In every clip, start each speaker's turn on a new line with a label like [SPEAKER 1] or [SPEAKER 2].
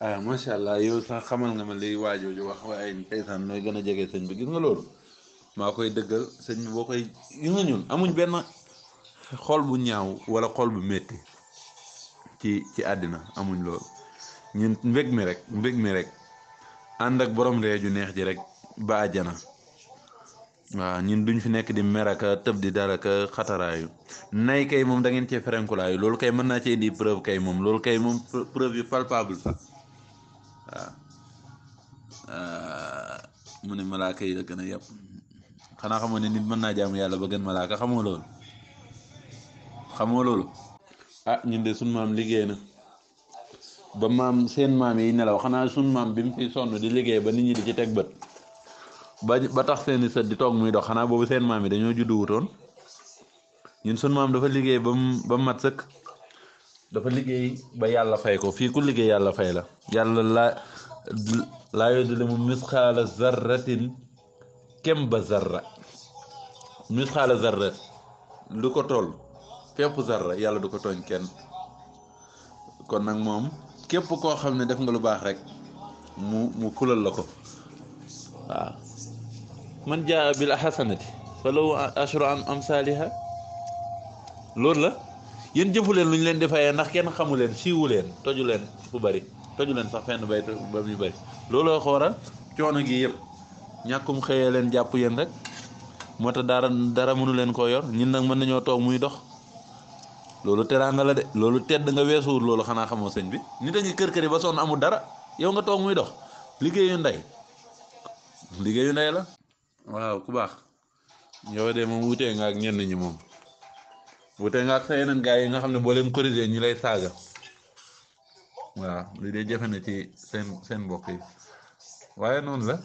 [SPEAKER 1] ah macha allah yow sax xamal nga ma li waajooju wax waaye ndeysaan nooy gën a jege sëñ bi gis nga loolu maa koy dëggal sëñ bi boo koy gis nga ñun amuñ benn xool bu ñaaw wala xool bu metti ci ci àddina amuñ loolu ñun mbég mi rek mbég mi rek ànd ak borom ree ju neex ji rek ba àjjana waaw ñun duñ fi nekk di a tëb di dalaka xataraayu nay kay moom da ngeen cee ferenkulaayu loolu kay mën naa cee di preuve kay moom loolu kay moom preuve yu palpable sax mu ne malaaka yi la gën a yàpp xanaa xamoo ne nit mën naa jaamu yàlla ba gën malaaka xamoo loolu xamoo loolu ah ñun de sun maam liggéey na ba maam seen maam yi nelaw xanaa sun maam bi mu fi sonn di liggéey ba nit ñi di ci teg bët ba ba tax seeni sët di toog muy dox xanaa boobu seen maam yi dañoo juddu wutoon ñun sun dafa liggéey ba mu ba mat sëkk dafa liggéey ba yàlla fay ko fii ku liggéey yàlla fay la yàlla la laa mu misxaala zarratin kem ba zarra misxaala zarra lu ko toll fépp zarra yàlla du ko tooñ kenn kon nag moom képp koo xam ne def nga lu baax rek mu mu kulal la ko waaw man jaa bil hasanati fa law ashru am amsaaliha loolu la yéen jëfu leen lu ñu leen di fayee ndax kenn xamu leen siiwu leen toju leen bu bari toju leen sax fenn bay ba muy bari looloo xooral coono gi yëpp ñàkkum xëyee leen jàpp yéen rek moo tax dara dara mënu leen koo yor ñun nag mën nañoo toog muy dox loolu teraanga la de loolu tedd nga weesuwul loolu xanaa xamoo sëñ bi nit a ngi kër kër ba sonn amul dara yow nga toog muy dox liggéeyu ndey liggéeyu ndey la waaw ku baax yow de moom wutee nga ak ñenn ñi moom wute nga ak sa yeneen yi nga xam ne boo leen corrigé ñu lay saaga waaw li dee jafe ci seen seen mbokk yi waaye noonu la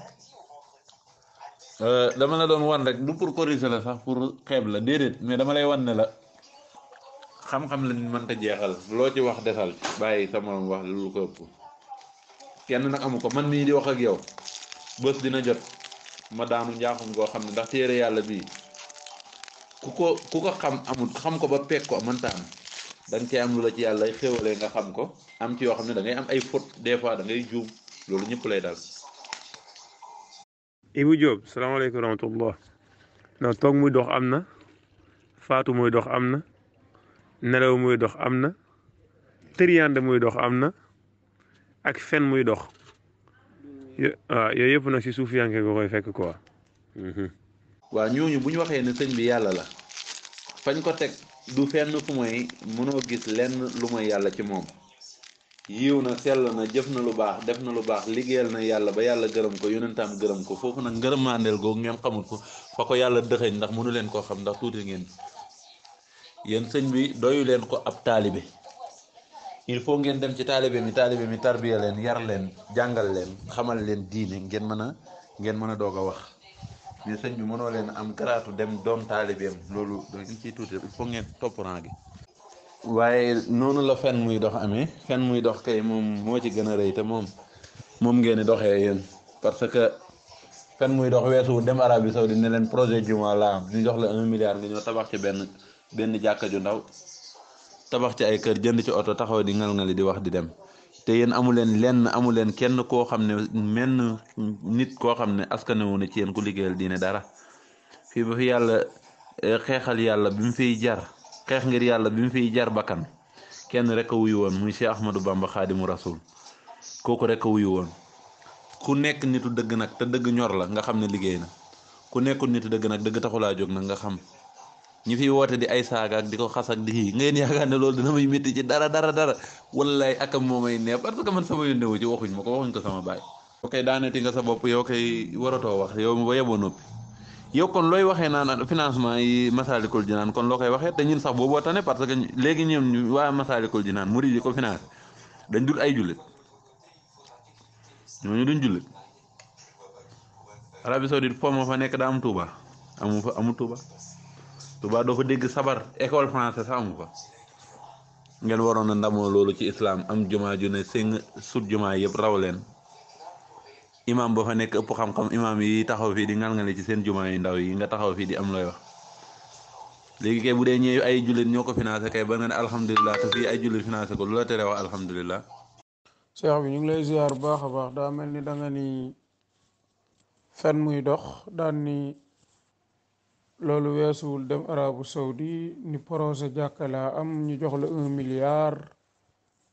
[SPEAKER 1] euh, dama la doon wan rek du pour corriger la sax pour xeeb la déedéet mais dama lay wan ne la xam-xam lañ mënta jeexal loo ci wax desal bàyyi sama wax lu ko ëpp kenn nag amu ko man mii di wax ak yow bés dina jot ma daanu njaaxum goo xam ne ndax téere yàlla bii. ku ko ku ko xam amul xam ko ba peeg ko mënta am da nga am lu la ci yàlla xéwalee nga xam ko am ci yoo xam ne da am ay faute des fois da ngay juum loolu ñëpp lay daal.
[SPEAKER 2] Ibou Diop salaamaaleykum wa rahmatullah non toog muy dox am na faatu muy dox am na nelaw muy dox am na tëriyaande muy dox am na ak fen muy dox waaw yooyu yëpp nag si suuf yanke nga koy fekk quoi. Mm-hmm. waa
[SPEAKER 1] ñooñu bu ñu waxee ne sëñ bi yàlla la fañ ko teg du fenn fu mooy mënoo gis lenn lu mooy yàlla ci moom yiw na sell na jëf na lu baax def na lu baax liggéeyal na yàlla ba yàlla gërëm ko yonentam gërëm ko foofu nag ngërëmaandeel googu ngeen xamul ko fa ko yàlla dëxëñ ndax mënu leen koo xam ndax tuuti ngeen yéen sëñ bi doyu leen ko ab taalibe il faut ngeen dem ci taalibe mi taalibe mi tarbiya leen yar leen jàngal leen xamal leen diine ngeen mën a ngeen mën a doog a wax mais sëñ bi mënoo leen am garaatu dem doon taalibeem loolu dañ ciy tuuti il faut ngeen topp rang gi waaye noonu la fen muy dox amee fen muy dox kay moom moo ci gën a rëy te moom moom ngeen di doxee yéen parce que fen muy dox weesu dem Arabie Saoudite ne leen projet juma laa am ñu jox la un milliard nga ñëw tabax ci benn benn jàkka ju ndaw tabax ci ay kër jënd ci oto taxaw di ngal ngali di wax di dem te yéen amu leen lenn amu leen kenn koo xam ne menn nit koo xam ne askanewu ne ci yéen ku liggéeyal diine dara fii ba fi yàlla eh, xeexal yàlla bi mu fiy jar xeex ngir yàlla bi mu fiy jar bakkan kenn rek a wuyu woon muy si Ahmadou Bamba xaadimu rasul kooku rek a wuyu woon ku nekk nitu dëgg nag te dëgg ñor la nga xam ne liggéey na ku nekkul nitu dëgg nag dëgg taxulaa jóg nag nga xam ñu fiy woote di ay saaga ak di ko xas ak di kii ngeen yaakaar ne loolu dina may métti ci dara dara dara wallaay akam moo may neex parce que man sama ne wu ci waxuñ ma ko waxuñ ko sama baay. ok daanati nga sa bopp yow kay waratoo wax yow ba yeboo noppi yow kon looy waxee naan financement yi Masaalikul naan kon loo koy waxee te ñun sax booboo tane parce que léegi ñoom ñu waa Masaalikul Jinaan murid yi ko financé dañ dul ay jullit ñooñu duñ jullit Arabie Saoudite fa nekk daa am Tuuba amu fa amu Tuuba Touba doo fa dégg sabar école française sa amu fa ngeen waroon a ndamoo loolu ci islaam am juma ju ne sëng sut jumaa yëpp raw leen imaam boo fa nekk ëpp xam-xam imaam yi taxaw fii di ngal ngale ci seen jumaa yu ndaw yi nga taxaw fii di am looy wax léegi kay bu dee ñëw ay jullit ñoo ko financé kay ba nga ne alhamdulilah te fii ay jullit financé ko lu la tere wax alhamdulilah.
[SPEAKER 3] seex bi ñu lay ziar baax a baax da mel ni da nga ni fen muy dox daan ni loolu weesuwul dem arabu saudi ni projet jàkka laa am ñu jox la un milliard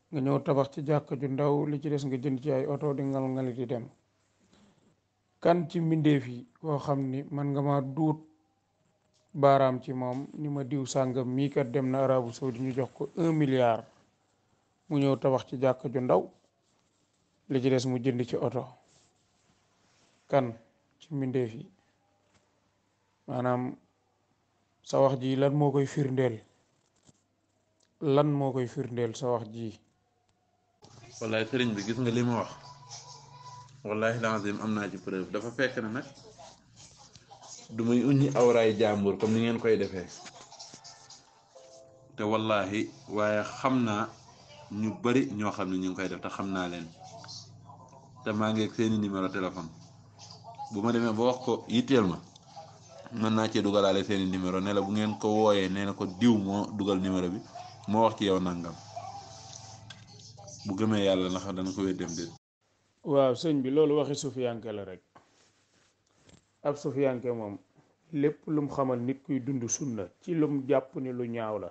[SPEAKER 3] nga ñëw tabax ci jàkka ju ndaw li ci des nga jënd ci ay oto di ngal ngali di dem kan ci mbindeef yi koo xam ni man nga ma duut baaraam ci moom ni ma diw sàngam mii kat dem na arabu saudi ñu jox ko un milliard mu ñëw tabax ci jàkka ju ndaw li ci des mu jënd ci oto kan ci mbindeef yi maanaam sawax wax ji lan moo koy firndeel lan moo koy firndeel sawax wax ji
[SPEAKER 1] wallaay sëriñ bi gis nga li mu wax wallahi lazim am naa ci preuve dafa fekk na nag du may uññi awraay jàmbur comme ni ngeen koy defee te wallahi waaye xam naa ñu bari ñoo xam ne ñu ngi koy def ta xam naa leen te maa ngi ak seeni numéro téléphone bu ma demee ba wax ko yitteel ma mën naa cee dugalaale seeni i numéro ne bu ngeen ko wooyee neena ko diw moo dugal numéro bi moo wax ci yow nangam bu gëmee yàlla ndax dana ko wéddeem déet.
[SPEAKER 3] waaw sëñ bi loolu waxi sufiyanke la rek ab sufiyanke moom lépp lum xamal nit kuy dund la ci lum jàpp ni lu ñaaw la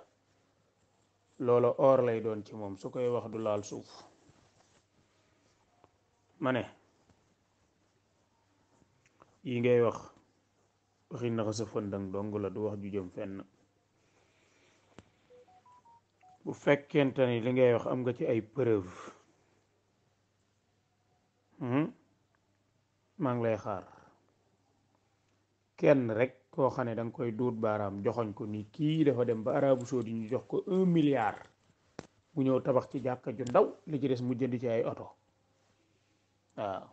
[SPEAKER 3] loola or lay doon ci moom su koy wax du laal suuf ma ne yi ngay wax. waxi naxa sa fëndang dong la du wax ju jëm fenn bu fekkente ni li ngay wax am nga ci ay preuve hmm? maa ngi lay xaar kenn rek koo xam ne da koy duut baaraam joxoñ ko ni kii dafa dem ba arabu saudi ñu jox ko un milliard bu ñëw tabax ci jàkka ju ndaw li ci des mu jënd ci ay oto waaw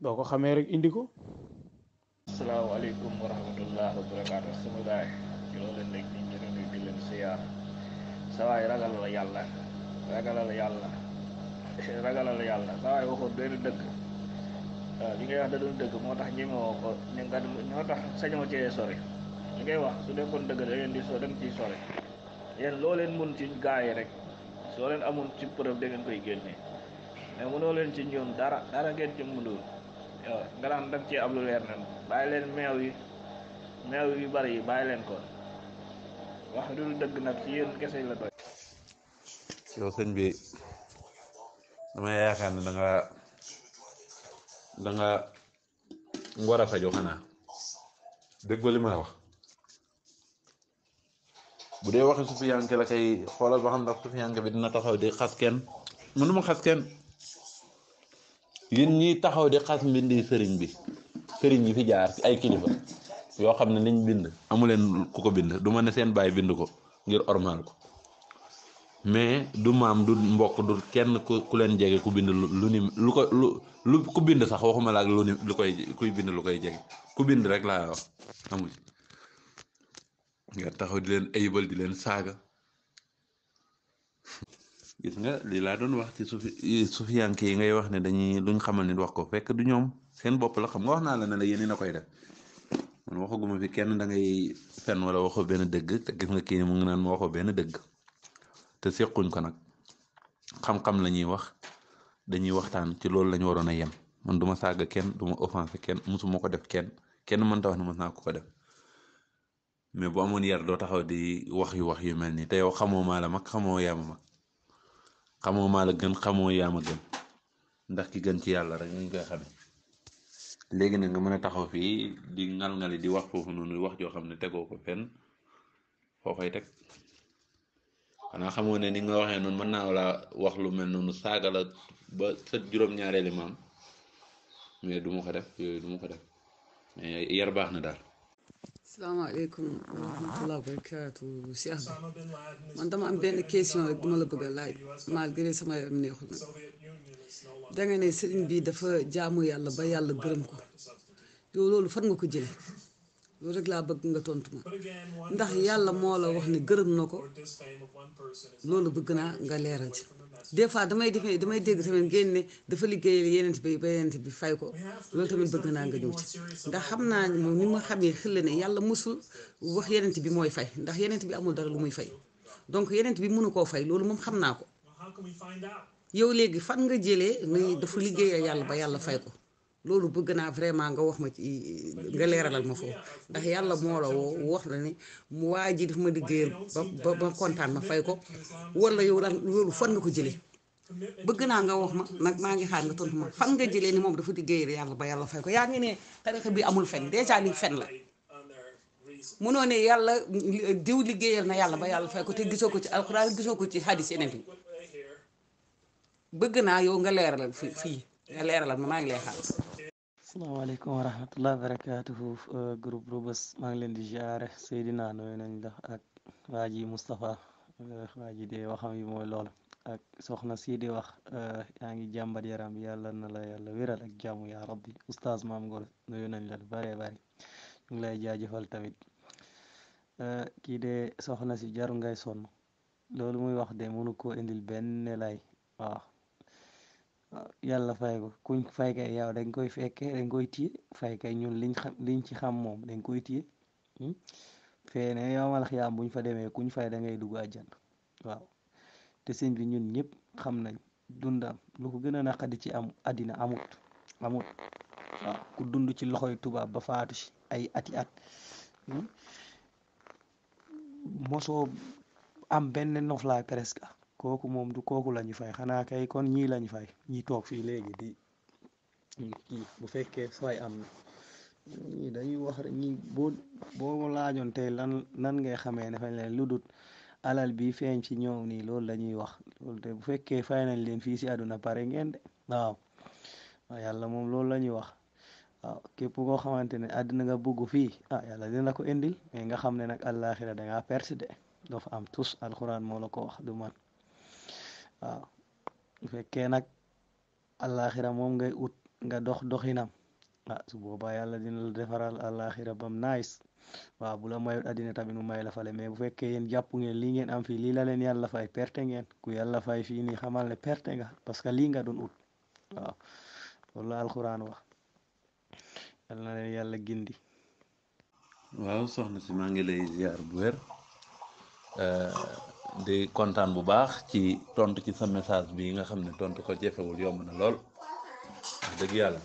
[SPEAKER 3] boo ko xamee rek indi ko Assalamualaikum
[SPEAKER 4] warahmatullahi wabarakatuh Semoga ci dan leen rek ñu di leen saya. layalla, ragal la yàlla ragal la yàlla ragal la yàlla sawaay
[SPEAKER 5] waxoon benn dëkk li ngay wax da doon dëgg moo tax ñeme woo ko ne nga ñoo tax sañoo cee sori li ngay wax su nekkoon dëgg da ngeen di so dem ci sori yéen leen mun ci gaay rek soo leen amul ci preuve da ngeen koy génne mais mënoo leen ci ñoom dara dara ngeen ci yow nga naan da nga cee am lu leer nan bàyyi leen meew yi meew yu bari yi bàyyi leen ko wax lu dëgg nag ci yéen kese
[SPEAKER 4] la
[SPEAKER 1] doy. yow sëñ bi dama yaakaar ne da nga da nga ngor a faju xanaa dégg li wax bu dee waxi sufiyanke la kay xoolal ba xam ndax sufiyanke bi dina taxaw di xas kenn mënuma yéen ñiy taxaw di xas mbindi sëriñ bi sëriñ yi fi jaar ci ay kilifa yoo xam ne liñ bind amuleen ku ko bind du ma ne seen baay bind ko ngir ormaal ko mais du maam du mbokk du kenn ku leen jege ku bind lu lu ku bind sax waxuma lu ni koy kuy lu koy jege ku bind rek laa wax amul nga taxaw di leen ayibal di leen saaga gis nga lii laa doon wax ci sufi sufiyanke yi ngay wax ne dañuy luñ xamal nit wax ko fekk du ñoom seen bopp la xam nga wax naa la ne la yéen koy def man waxaguma fi kenn da ngay fen wala waxoo benn dëgg te gis nga kii mu ngi naan ma waxoo benn dëgg te sequñ ko nag xam-xam la ñuy wax dañuy waxtaan ci loolu la ñu waroon a yem man du ma saaga kenn du ma offensé kenn ko def kenn kenn mënta wax ne mos naa ko ko def mais boo amoon yar doo taxaw di wax yu wax yu mel ni te yow xamoo maa la mag xamoo yaa ma xamoo maa la gën xamoo yaa ma gën ndax ki gën ci yàlla rek ñu koy xamee nga mën a taxaw fii di ngal-ngali di wax foofu noonu wax joo xam ne tegoo ko fenn foo koy teg xanaa xamoo ne ni nga waxee noonu mën naa la wax lu mel noonu saaga la ba juróom-ñaareeli maam mais du ma ko def yooyu du ma ko def mais yar baax na daal.
[SPEAKER 6] salaama aleykum wa rahmatulah barakaatu Cheikh bi man dama am benn question rek duma la bëgg a laaj sama yaram neexul nag danga ne sëriñ bi dafa jaamu yàlla ba yàlla gërëm ko yow loolu fan nga ko jële loolu rek laa bëgg nga tontu ndax yàlla moo la wax ne gërëm na ko loolu bëgg naa nga leera ci des fois damay defee damay dégg tamit ngeen ne dafa liggéeyal yenent bi ba yenent bi fay ko loolu tamit bëgg naa nga ñëw ci ndax xam naa moom mu ma xamee xilla ne yàlla mosul wax yenent bi mooy fay ndax yenent bi amul dara lu muy fay donc yenent bi mënu koo fay loolu moom xam naa ko yow léegi fan nga jëlee ni dafa liggéeyal yàlla ba yàlla fay ko loolu bëgg naa vraiment nga wax ma ci nga leeralal ma foofu ndax yàlla moo la woo wax la ne mu waa ji daf ma liggéeyal ba ba kontaan ma fay ko wala yow lan loolu fan nga ko jëlee bëgg naa nga wax ma nag maa ngi xaar nga tontu ma fan nga jëlee ni moom dafa liggéeyal yàlla ba yàlla fay ne tarixa bi amul fen dèjà li fen la munoo ne yàlla diw liggéeyal na yàlla ba yàlla fay ko te gisoo ko ci alxuraan gisoo ko ci hadis yeneen naa yow nga leeralal fii
[SPEAKER 7] leeralal ma maa ngi lay xaar.
[SPEAKER 8] asalaamaaleykum wa rahmatulah barakaatuhu euh, groupe Rebeuss leen di ziare Seydina nuyu la ak waa ji Moustapha euh, waa ji de waxam yi mooy loolu ak soxna sii di wax euh, yaa ngi jàmbat yaram yàlla nala la yàlla wéral ak jàmm yaa rabbi oustaz maam Ngor nuyu la lu bëree bëri ñu ngi lay jaajëfal tamit kii de soxna si jaru ngay sonn loolu muy wax de mënu koo indil benn lay yàlla fay ko kuñ fay kay yow dañ koy fekkee dañ koy téye fay kay ñun liñ xam liñ ci xam moom dañ koy téye hmm? fee ne yow malax yaam buñ fa demee kuñ fay da ngay dugg àjjana waaw te sëñ bi ñun ñëpp xam nañ dundam lu ko gën a di ci am àddina amut amut ku dund ci loxoy tubaab ba faatu ci ay ati at hmm? mosoo am benn noflaay presque kooku moom du kooku la ñu fay xanaa kay kon ñii lañ fay ñi toog fii léegi di bu fekkee fay am na ñii dañuy wax rek ñi boo nan ngay xamee ne fañ leen lu dut alal bi feeñ ci ñoom nii loolu la wax bu fekkee fay nañ leen fii si àdduna pare ngeen de waaw waaw moom loolu la ñuy wax waaw képp koo xamante ne àddina nga bugg fii ah yàlla dina ko indil mais nga xam ne nag àllaaxira dangaa perte de doo am tus alxuraan moo la ko wax du man waaw fekkee nag àllaaxira moom ngay ut nga dox doxinam ah su boobaa yàlla dina defaral àllaaxira bam nice waaw bu la mayut àddina tamit mu may la fale mais bu fekkee yéen jàpp ngeen lii ngeen am fii lii la leen yàlla fay perte ngeen ku yàlla fay fii nii xamal ne perte nga parce que lii nga doon ut waaw loolu la alxuraan wax yal na leen yàlla gindi.
[SPEAKER 1] waaw soxna si maa ngi lay ziar bu wér. Euh, di kontaan bu baax ci tontu ci sa message bi nga xam ne tontu ko jefewul yomb na lool dëgg yàlla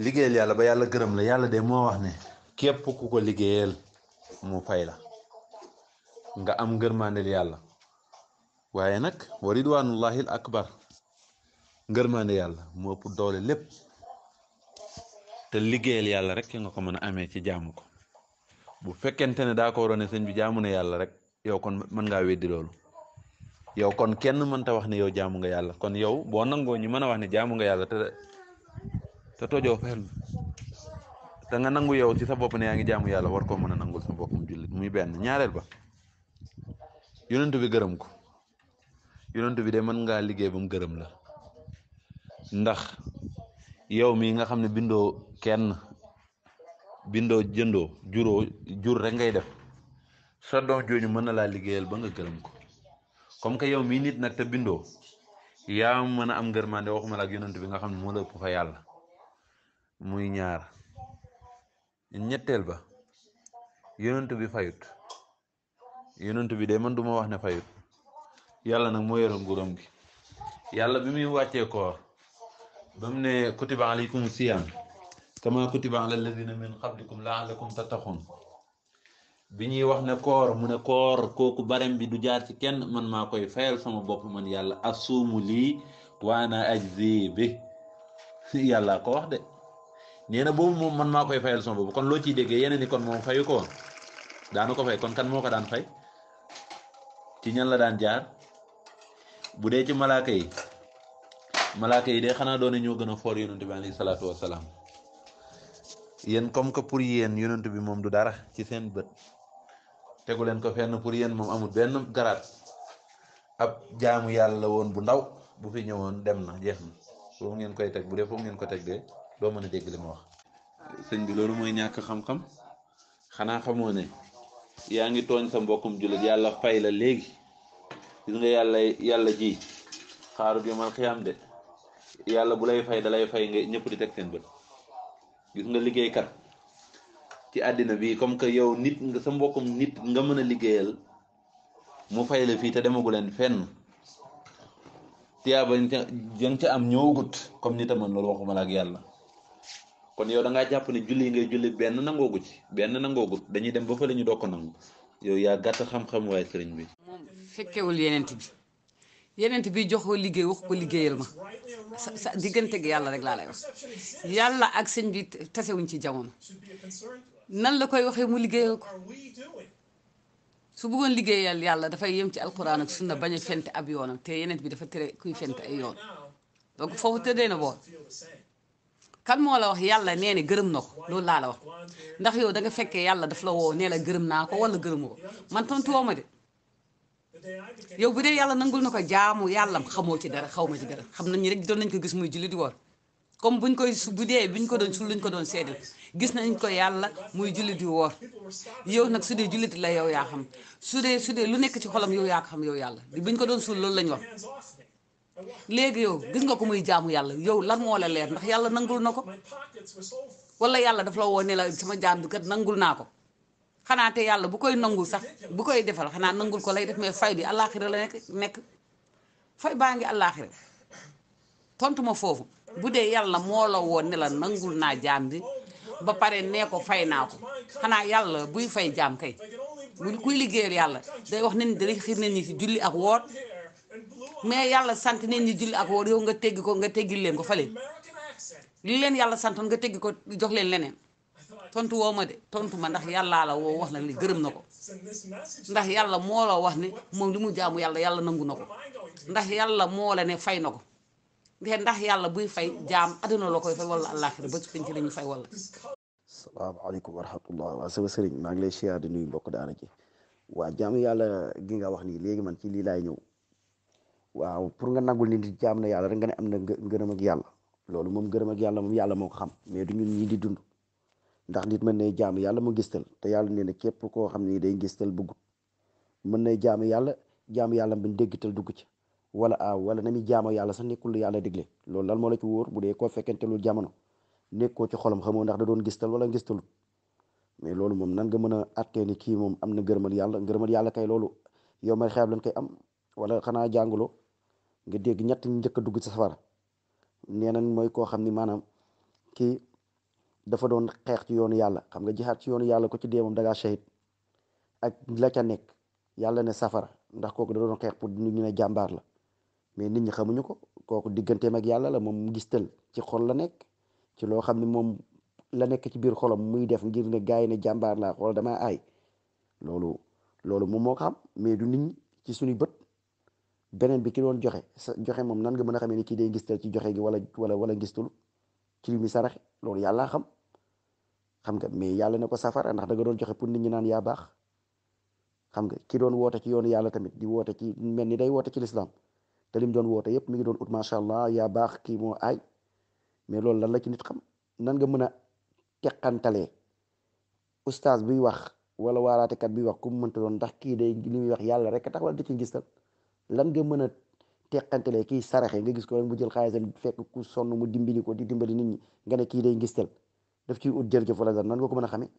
[SPEAKER 1] liggéeyal yàlla ba yàlla gërëm la yàlla de moo wax ne képp ku ko liggéeyal mu fay la nga am ngërmaandeel yàlla waaye nag wa ridwanullahil akbar ngërmaande yàlla mu ëpp doole lépp te liggéeyal yàlla rek ki nga ko mën a amee ci jaamu ko bu fekkente ne daa ko waroon sëñ bi jaamu ne yàlla rek yow kon mën ngaa weddi loolu yow kon kenn mënta wax ne yow jaamu nga yàlla kon yow boo nangoo ñu mën a wax ne jaamu nga yàlla te te tojoo fenn te nga nangu yow ci sa bopp ne yaa ngi jaamu yàlla war koo mën a nangul sa boppam jullit muy benn ñaareel ba yonent bi gërëm ko yonent bi de mën ngaa liggéey ba mu gërëm la ndax yow mi nga xam ne bindoo kenn bindoo jëndoo juróo jur rek ngay def sa doom jooju mën na laa liggéeyal ba nga gërëm ko comme que yow mii nit nag te bindoo yaa mën a am ngërmande waxuma la ak bi nga xam ne moo la fa yàlla muy ñaar ñetteel ba yonent bi fayut yonent bi de man duma wax ne fayut yàlla nag moo yore nguuram gi yàlla bi muy wàccee koor ba mu ne kutiba alaykum siyam kama kutiba ala alladina min qablikum laallakum taxun bi ñuy wax ne koor mu ne koor kooku barem bi du jaar ci kenn man maa koy fayal sama bopp man yàlla asuumu lii waana ajzi bi yàlla ko wax de nee boobu moom man maa koy fayal sama bopp kon loo ciy déggee yeneen ni kon moom fayu ko woon daanu ko fay kon kan moo ko daan fay ci ñan la daan jaar bu dee ci malaaka yi malaaka yi de xanaa doone ñoo gën a foor yonent bi alayhi salaatu wasalaam yéen comme que pour yéen yonent bi moom du dara ci seen bët tegu leen ko fenn pour yéen moom amul benn garaat ab jaamu yàlla woon bu ndaw bu fi ñëwoon dem na jeex na foofu ngeen koy teg bu dee foofu ngeen ko teg de doo mën a dégg li bi loolu mooy ñàkk xam-xam xanaa xamoo yaa ngi tooñ sa mbokkum jullit yàlla fay la léegi gis nga yàlla yàlla ji xaaru yomal xiyaam de yàlla bu lay fay da lay fay nga ñëpp di teg seen bët gis nga liggéeykat. ci adina bi comme que yow nit nga sa mbokum nit nga mën ligel. liggéeyal mu fay la fii te demagu len fenn tiyaaba jëng ci am nyogut, comme nit a lool waxuma la ak yalla kon yow da nga japp ne julli ngay julli benn nangoogu ci benn nangoogut dañuy dem ba fa lañu ñu nang yow ya gatt xam-xam way serigne bi. mom
[SPEAKER 6] fekkewul yenente bi yenente bi joxo liggéey wax ko liggéeyal ma sa sa diggante rek la lay wax yalla ak serigne bi tassewuñ ci jamono nan la koy waxee mu liggéeyal ko su buggoon liggéeyal yàlla dafay yem ci alquran ak sunna bañ a fent ab yoonam te yeneen bi dafa tere kuy fent ay yoon donc foofu tëddee na boor kan moo la wax yàlla nee ne gërëm na ko loolu laa la wax ndax yow da nga fekkee yàlla daf la woo nee la gërëm naa ko wala gërëm ko man tontu woo ma de yow bu dee yàlla nangul na ko jaamu yàllam xamoo ci dara xaw ma ci dara xam nañ rek doon nañ ko gis muy julli di woor comme ñu koy bu dee buñ ko doon suul luñ ko doon seedal gis nañ ko yàlla muy jullit yu woor yow nag su dee jullit la yow yaa xam su dee su dee lu nekk ci xolam yow yaa ko xam yow yàlla buñ ko doon suul loolu lañ wax
[SPEAKER 7] léegi yow gis nga ko muy
[SPEAKER 6] jaamu yàlla yow lan moo la leer ndax yàlla nangul na ko wala yàlla dafa la woo ne la sama jaam bi nangul naa ko xanaa te yàlla bu koy nangul sax bu koy defal xanaa nangul ko lay def mais fay bi àllaaxira la nekk nekk fay baa ngi àllaaxira tontu ma foofu. bu dee yàlla moo la woon ne la nangul naa jaam bi ba pare nee ko fay naa ko xanaa yàlla buy fay jaam kay bu kuy liggéeyal yàlla day wax ne day xiir nit ñi ci julli ak woor mais yàlla sant nit ñi julli ak woor yow nga teggi ko nga teggi leen ko fale li leen yàlla santoon nga teggi ko jox leen leneen tontu woo ma de tontu ma ndax yàlla la woo wax na li gërëm na ko yàlla moo wax ne moom li mu jaamu yàlla yàlla nangu na ko ndax yàlla moo la ne fay na ko de ndax yàlla buy fay jam, aduna la koy fay wala àllaaxira ba ci ci la fay wala.
[SPEAKER 9] salaamaaleykum wa rahmatullah waa sama sëriñ maa lay siyaar di nuyu mbokk daara ji waa jaam yàlla gi nga wax nii léegi man ci lii laay ñëw waaw pour nga nagul nit di jaam na yàlla rek nga ne am na ngërëm ak yàlla loolu moom ngërëm ak yàlla moom yàlla moo ko xam mais du ñun ñii di dund ndax nit mën nay jaam yàlla mu gistal te yàlla nee na képp koo xam ni day gistal bëggut mën nay jaam yàlla jaam yàlla bañ déggital dugg ci wala a ah, wala na mi jaamoo yàlla sax nekkul yàlla digle loolu lan moo la ci wóor bu dee koo fekkente lu jamono nekkoo ci xolam xamoo ndax da doon gistal wala ngistalul mais loolu moom nan nga mën a attee ni kii moom am na ngërëmal yàlla ngërëmal yàlla kay loolu yow may xeeb lañ koy am wala xanaa jànguloo nga dégg ñett njëkk a dugg ci safara nee nañ mooy koo xam ni maanaam kii dafa doon xeex ci yoonu yàlla xam nga jihaat ci yoonu yàlla ko ci dee moom dangaa shahid ak la ca nekk yàlla ne safara ndax kooku da xeex pour nit ñi ne jàmbaar la mais nit ñi xamuñu ko kooku digganteem mag yàlla la moom ngistal ci xol la nekk ci loo xam ne moom la nekk ci biir xolam muy def ngir ne gars yi ne jàmbaar laa xool damaa ay loolu loolu moom moo xam mais du nit ñi ci suñu bët beneen bi ki doon joxe sa joxe moom nan nga mën a xamee ni kii day ngistal ci joxe gi wala wala wala ngistul ci li muy saraxe loolu yàllaa xam xam nga mais yàlla ne ko safara ndax da nga doon joxe pour nit ñi naan yaa baax xam nga ki doon woote ci yoonu yàlla tamit di woote ci mel ni day woote ci lislaam te lim doon woote yëpp mi ngi doon ut macha allah yaa baax kii moo aay mais loolu lan la ci nit xam nan nga mën a teqantalee ustaas biy wax wala waaraatekat bi wax ku mu ta doon ndax kii day li muy wax yàlla rek tax di ci gis lan nga mën a teqantalee kii saraxe nga gis ko rek mu jël xaalisam fekk ku sonn mu dimbali ko di dimbali nit ñi nga ne kii day ngistal daf ciy ut jël jërëjëf wala dara nan nga ko mën a xamee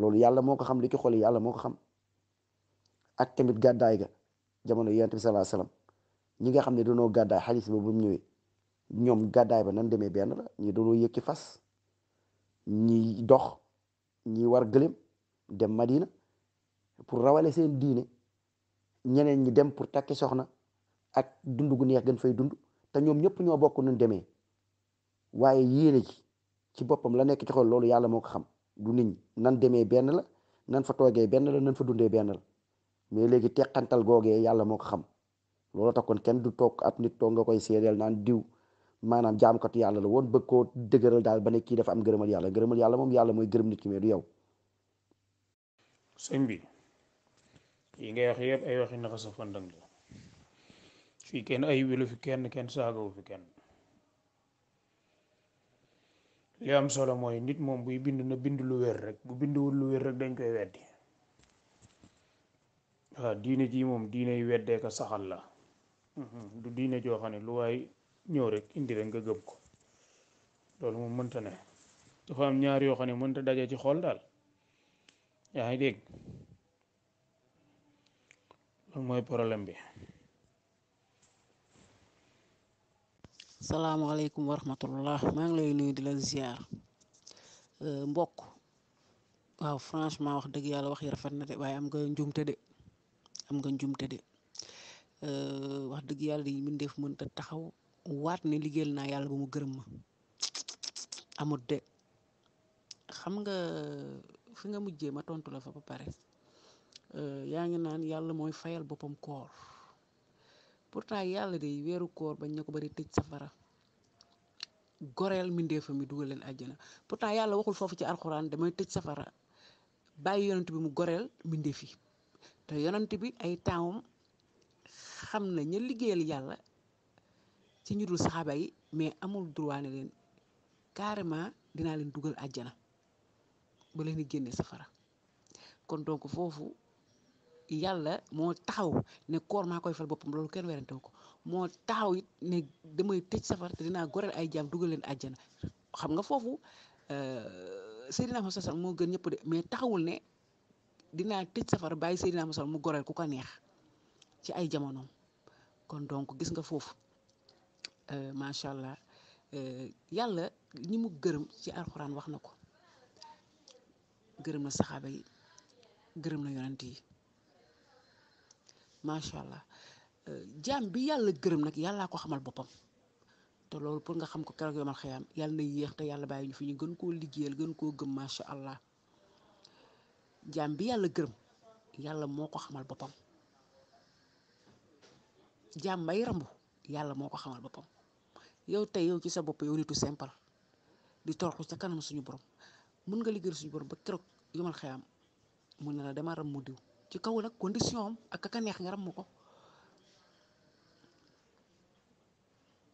[SPEAKER 9] loolu yàlla moo ko xam li ci xol yàlla moo ko xam ak tamit gàddaay ga jamono yonent bi sallallahu ñi nga xam ne danoo gàddaay xadis ba bu mu ñëwee ñoom gàddaay ba nan demee benn la ñi danoo yëkki fas ñi dox ñi war gëlém dem Madina pour rawale seen diine ñeneen ñi dem pour takki soxna ak dund gu neex gën fay dund te ñoom ñëpp ñoo bokk nañ demee waaye yéene ji ci boppam la nekk ci xol loolu yàlla moo ko xam du nit nan demee benn la nan fa toogee benn la nan fa dundee benn la mais léegi teqantal googee yàlla moo ko xam loolu tax kon kenn du toog ab nit toog koy seedeel naan diw maanaam jaamkatu yàlla la woon bëgg koo dëgëral daal ba ne kii dafa am gërëmal yàlla gërëmal yàlla moom yàlla mooy gërëm nit ki mais du yow. sëñ bi
[SPEAKER 3] yi ngay wax yëpp ay waxi naxa sa fandang la fii kenn ay welu fi kenn kenn saagawu fi kenn li am solo mooy nit moom buy bind na bind lu wér rek bu wul lu wér rek dañ koy weddi waaw diine jii moom diine yu weddee ko saxal la Mhm. du diine joo xam ne lu waay ñëw rek indi rek nga gëm ko loolu moom mënta ne dafa am ñaar yoo xam ne mënta daje ci xol daal yaa ngi dégg
[SPEAKER 7] loolu mooy problème bi salaamaaleykum rahmatullah maa ngi lay nuyu di la ziar euh, mbokk waaw franchement wax dëgg yàlla wax yi rafet na de waaye am nga njumte de am nga njumte de Eh, wax dëgg yàlla yi min def ta taxaw wat ne ligéel na yalla bu mu gërëm ma amut de xam nga fi nga mujjé ma tontu la fa ba euh eh, ya nga naan yalla moy fayal bopam koor pourtant yalla de wéru koor bañ na bari safara goreel mindeefa mi dugal len aljana pourtant yalla waxul fofu ci damay tëj safara bàyyi yonent bi mu goreel mindeefi te yonent bi ay taawam xam na ña liggéeyal yàlla ci ñu dul saxaaba yi mais amul droit ne leen carrément dinaa leen dugal àjjana ba leen di génne safara kon donc foofu yàlla moo taxaw ne koor maa koy fal boppam loolu kenn werantewu ko moo taxaw it ne damay tëj safara te dinaa goreel ay jaam dugal leen àjjana xam nga foofu euh, Seydina Muhammad moo gën ñëpp de mais taxawul ne dinaa tëj safara bàyyi Seydina Muhammad mu goreel ku ko neex ci ay jamonoom kon donc gis nga foofu euh, macha allah euh, yàlla ñi mu gërëm ci alxuraan wax na ko gërëm na saxaaba yi gërëm na yonent yi macha allah euh, jaam bi yàlla gërëm nag yàllaa ko xamal boppam te loolu pour nga xam ko keroog yomal xëyam yàlla na yéex te yàlla bàyyi ñu fi ñu gën koo liggéeyal gën koo gëm macha allah jaam bi yàlla gërëm yàlla moo ko xamal boppam. jaam bay rambu yàlla moo ko xamal boppam yow tey yow ci sa bopp yow nitu simple di toroxlu ca kanam suñu borom mun nga liggéey suñu borom ba keroog yomal xeyam mu ne la dama ram mu diw ci kaw nag condition am ak kaka neex nga ram ko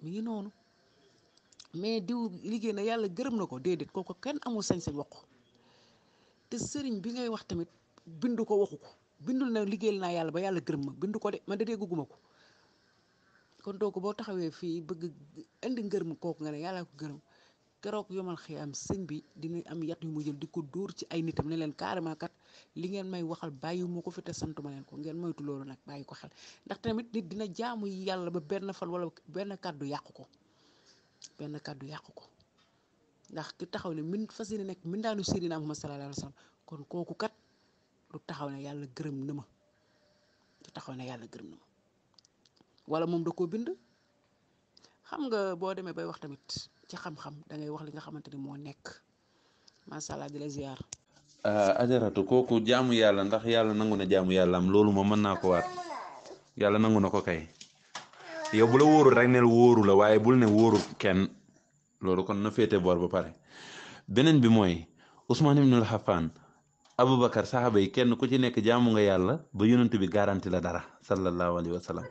[SPEAKER 7] mu ngi noonu mais diw liggéey na yàlla gërëm na ko déedéet kooko kenn amul sañ-sañ wax te sëriñ bi ngay wax tamit bindu ko waxu ko bindul na liggéeyal naa yàlla ba yàlla gërëm ma bindu ko de man de dégguma ko kon donc boo taxawee fii bëgg indi ngërëm kooku nga ne yàllaa ko gërëm keroog yomal xiyam sëñ bi dina am yat yu mu jël di ko dóor ci ay nitam ne leen carrément kat li ngeen may waxal bàyyi moo ko fi te santuma leen ko ngeen moytu loolu nag bàyyi ko xel ndax tamit nit dina jaamu yàlla ba benn fan wala benn kàddu yàqu ko benn kàddu yàqu ko ndax ki taxaw ne min fas yéene nekk min daanu Seydina Muhammad sallallahu alayhi wa sallam kon kooku kat du taxaw ne yàlla gërëm na ma taxaw ne yàlla gërëm na wala moom da ko bind xam nga boo demee bay wax tamit ci xam-xam da wax li nga xamante ni moo nekk macha allah di la ziar.
[SPEAKER 1] Ah, ajaratu kooku jaamu yàlla ndax yàlla nangu na jaamu yàlla am loolu moom mën naa ko waat yàlla nangu na ko kay yow bu la wóorul rek neel wóoru la waaye bul ne wóorul kenn loolu kon na féete boor ba pare beneen bi mooy Ousmane ibnul Xafaan Aboubacar saxaaba yi kenn ku ci nekk jaamu nga yàlla ba yonent bi garanti la dara sallallahu alayhi wa sallam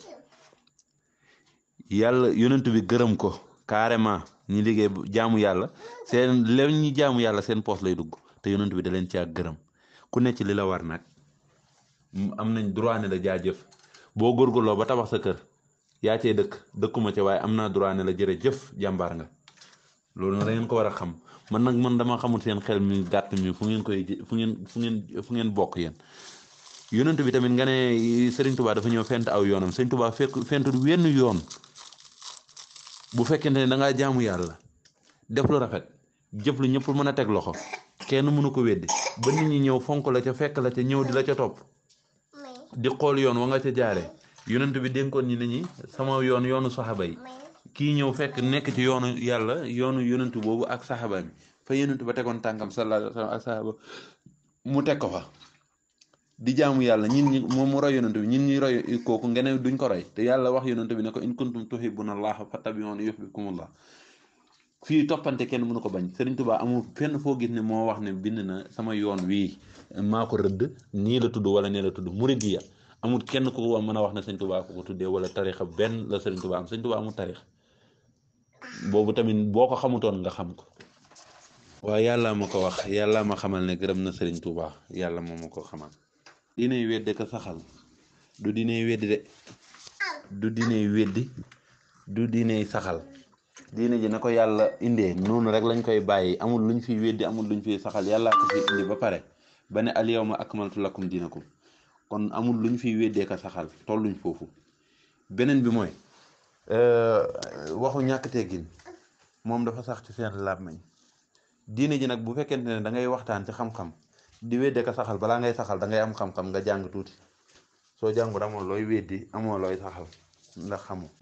[SPEAKER 1] yàlla yonent bi gërëm ko carrément ñi liggéey jaamu yàlla seen leen ñi jaamu yàlla seen poos lay dugg te yonent bi da leen ak gërëm ku ne ci li la war nag am nañ droit ne la jaajëf boo góorgóorloo ba tabax sa kër yaa cee dëkk dëkkuma ca waaye am naa droit ne la jërëjëf jàmbaar nga loolu na da ngeen ko war a xam man nag man dama xamul seen xel mi gàtt mi fu ngeen koy fu ngeen fu ngeen fu ngeen bokk yéen yonent bi tamit nga ne sëriñ Touba dafa ñëw fent aw yoonam Serigne Touba fekk fentul wenn yoon. bu fekkente ne da nga jaamu yàlla def lu rafet jëf lu ñëpp mën a teg loxo kenn mënu ko weddi ba nit ñi ñëw fonk la ca fekk la ca ñëw di la ca topp di xool yoon wa nga ca jaare yonent bi dénkoon ñi ne ñi sama yoon yoonu saxaaba yi kii ñëw fekk nekk ci yoonu yàlla yoonu yonent boobu ak saxaaba mi fa yonent ba tegoon tànkam sallallahu ak saxaaba mu teg ko fa di jaamu yàlla ñin ñi moom mu roy yonent bi ñin ñuy roy kooku nga duñ ko roy te yàlla wax yonent bi ne ko in kuntum tuhibbuna llaha fattabi'uni yuhbibkumullah fii toppante kenn mënu ko bañ Serigne Touba amul fenn foo gis moo wax ne bind na sama yoon wii maa ko rëdd nii la tudd wala nii la tudd muridiya amul kenn ku ko mën a wax na Serigne Touba ko ko tuddee wala tarixa benn la Serigne Touba am Serigne Touba amul tarix boobu tamit boo ko xamutoon nga xam ko. waaw yàlla ma ko wax yàlla ma xamal ne gërëm na Serigne Touba yàlla moom ma ko xamal. diiney wedde ka saxal du diiney weddi du diiney weddi du diiney saxal diine ji na ko yàlla indee noonu rek lañ koy bàyyi amul luñ fi weddi amul luñ fi saxal yàllaa ko fi indi ba pare ba ne al yawma akmaltu lakum diinakum kon amul luñ fiy weddee ka saxal luñ foofu beneen bi mooy euh, waxu ñàkk teggin moom dafa sax ci seen làmmiñ diine ji nag bu fekkente ne da ngay waxtaan ci xam-xam. di wedde ka saxal balaa ngay saxal da ngay am xam-xam nga jàng tuuti soo jàngut amoo looy weddi amoo looy saxal ndax xamu.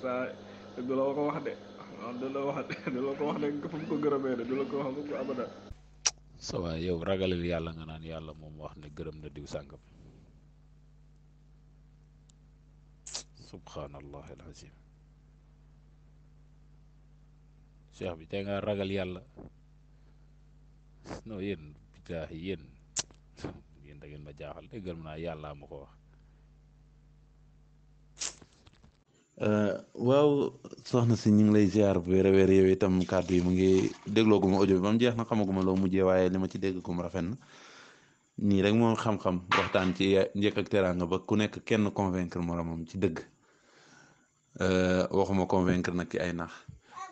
[SPEAKER 4] saa du wax de waaw du la wax du
[SPEAKER 5] yow ragalel yàlla nga naan yàlla moom wax ne gërëm na diw sàngam subhaanallahil aziim cheikh bi tey nga ragal yalla no yeen billaahi yeen yeen da ngeen ma jaaxal déggal mu na yalla mu ko wax
[SPEAKER 1] euh waaw soxna si ñing lay ziar bu rewe rewe itam kaddu mu ngi deglo audio mu audio bam jeex na xamaguma lo mujjee waaye li ma ci deg gum mu rafen ni rek mo xam-xam waxtaan ci ñeek ak ya, teranga ba ku nekk kenn convaincre moromam ci deug euh waxuma convaincre nak ay nax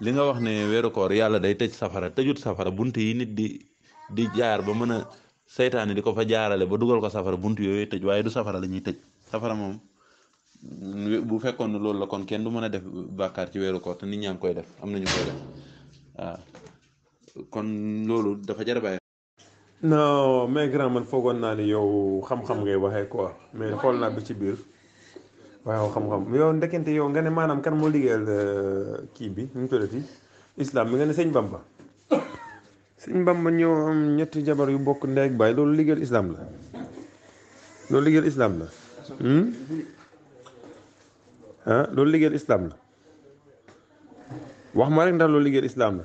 [SPEAKER 1] li nga wax ne weeru koor yàlla day tëj safara tëjut safara bunt yi nit di di jaar ba mën a seytaane di ko fa jaarale ba dugal ko safara bunt yooyu tëj waaye du safara lañuy ñuy tëj safara moom bu fekkoon ne loolu la kon kenn du mën a def bàkkaar ci weeru koor te nit ñaa ngi koy def am nañu koy def kon loolu dafa jar
[SPEAKER 2] a bàyyi mais grand man foogoon naa ne yow xam-xam ngay waxee quoi mais xool naa bi ci biir waaw xam-xam yow ndekente yow nga ne maanaam kan moo liggéeyal eh, kii bi ñu tuddati islam mi nga ne sëñ Bamba sëñ Bamba ñoo am ñetti jabar yu bokk ndey ak loolu liggéeyal islam la loolu liggéeyal islam la ah loolu liggéeyal islam la wax ma rek ndax loolu liggéeyal islam la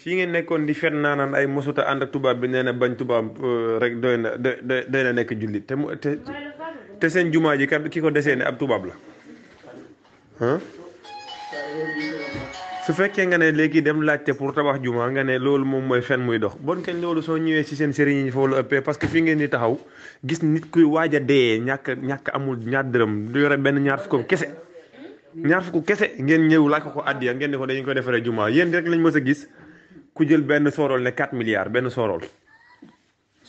[SPEAKER 2] fii ngeen nekkoon di fen naanaan ay mosuta ànd ak tubaab bi nee na bañ tubaab eh, rek doy na doy na nekk jullit te mu te te seen juma ji kat ki ko desee ne ab tubaab la su fekkee nga ne léegi dem laajte pour tabax juma nga ne loolu moom mooy fen muy dox bon kañ loolu soo ñëwee ci seen sëriñ yi foofu la ëppee parce que fi ngeen di taxaw gis nit kuy waaj a dee ñàkk ñàkk amul ñaar dërëm du yore benn ñaar fukk kese ñaar fukk kese ngeen ñëw laaj ko ko addiya ngeen ne ko dañu koy defaree juma yéen rek lañ mës a gis ku jël benn sorol ne 4 milliards benn sorol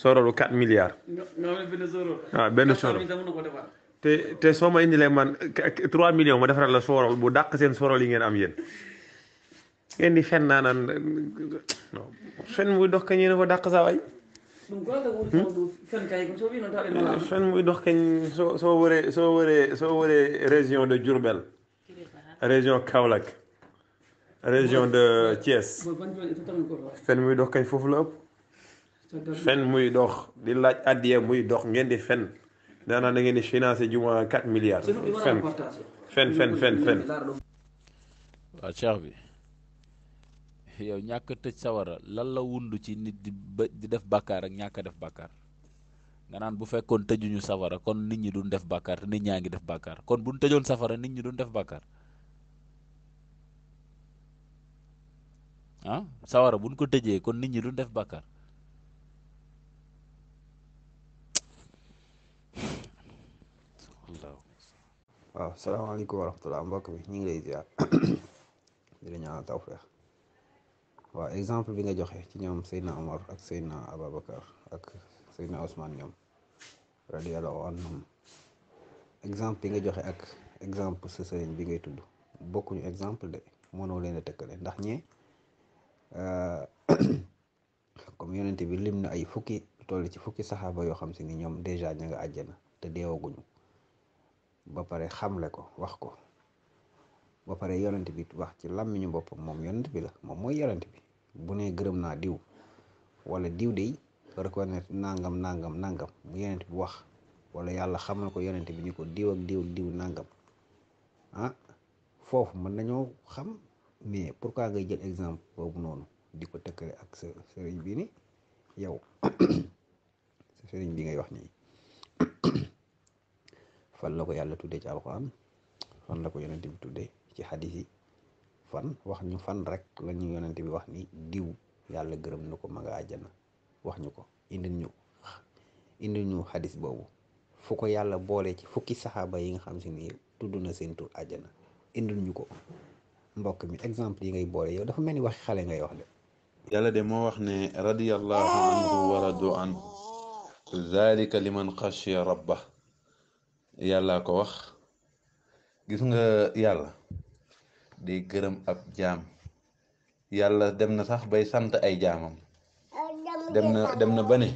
[SPEAKER 2] sorolu 4 milliards waaw benn soro ah, te te soma indi indilee man 3 millions ma la soro bu dak seen soro yi ngeen am ngeen di fen nanan fen muy dox kañ yéen dak dàq saa
[SPEAKER 5] hmm?
[SPEAKER 2] fen muy dox kañ so soo so soo so de jurbel, région Kaolack région de Thiès fen muy dox kañ la fen muy dox di laaj addiya muy dox ngeen di fen dana na ngeen di financer juma 4 milliards fen
[SPEAKER 10] fen fen fen fen
[SPEAKER 5] wa cheikh bi yow ñàkk tëj sawara lan la wundu ci nit di di def bakar ak ñàkk def bàkkaar nga naan bu fekkoon tëjuñu safara kon nit ñi duñ def bàkkaar nit ñaa ngi def bàkkaar kon buñ tëjoon safara nit ñi duñ def ah sawara buñ ko tëjee kon nit ñi duñ def
[SPEAKER 10] waaw salaamaaleykum wa rahmatulah mbokk mi ñu ngi lay ziar di exemple bi nga joxe ci ñoom Seydina Omar ak Seydina Ababacar ak Seydina Ousmane ñoom radiyallahu anhum nga joxe ak exemple sa bi ngay tudd bokkuñu exemple de leen a tëkkale ndax ñee comme yonente bi lim na ay fukki toll ci fukki saxaaba yoo xam si ñoom dèjà ña nga te deewaguñu ba pare xamle ko wax ko ba pare yonent bi wax ci làmmiñu boppam moom yonent bi la moom mooy yonent bi bu nee gërëm naa diw wala diw dey reconnaître nangam nangam nangam mu yonent bi wax wala yàlla xamal ko yonent bi ni ko diw ak diw diw nangam ah foofu mën nañoo xam mais pourquoi ngay jël exemple boobu noonu di ko tëkkale ak sëriñ bi ni yow sëriñ bi ngay wax nii fan la ko yàlla tuddee ci alquran fan la ko yonent bi tuddee ci xadis yi fan wax ñu fan rek la ñu yonent bi wax ni diw yàlla gërëm na ko ma nga àjjana wax ñu ko indi ñu indil ñu xadis boobu fu ko yàlla boole ci fukki saxaaba yi nga xam si ni tudd na seen tur àjjana indil ñu ko mbokk mi exemple yi ngay boole yow dafa mel ni xale ngay wax de
[SPEAKER 1] yàlla de moo wax ne radiyallahu anhu wa radu anhu zalika liman a rabbah yàllaa ko wax gis nga yàlla day gërëm ab jaam yàlla dem na sax bay sant ay jaamam dem na dem na ba ne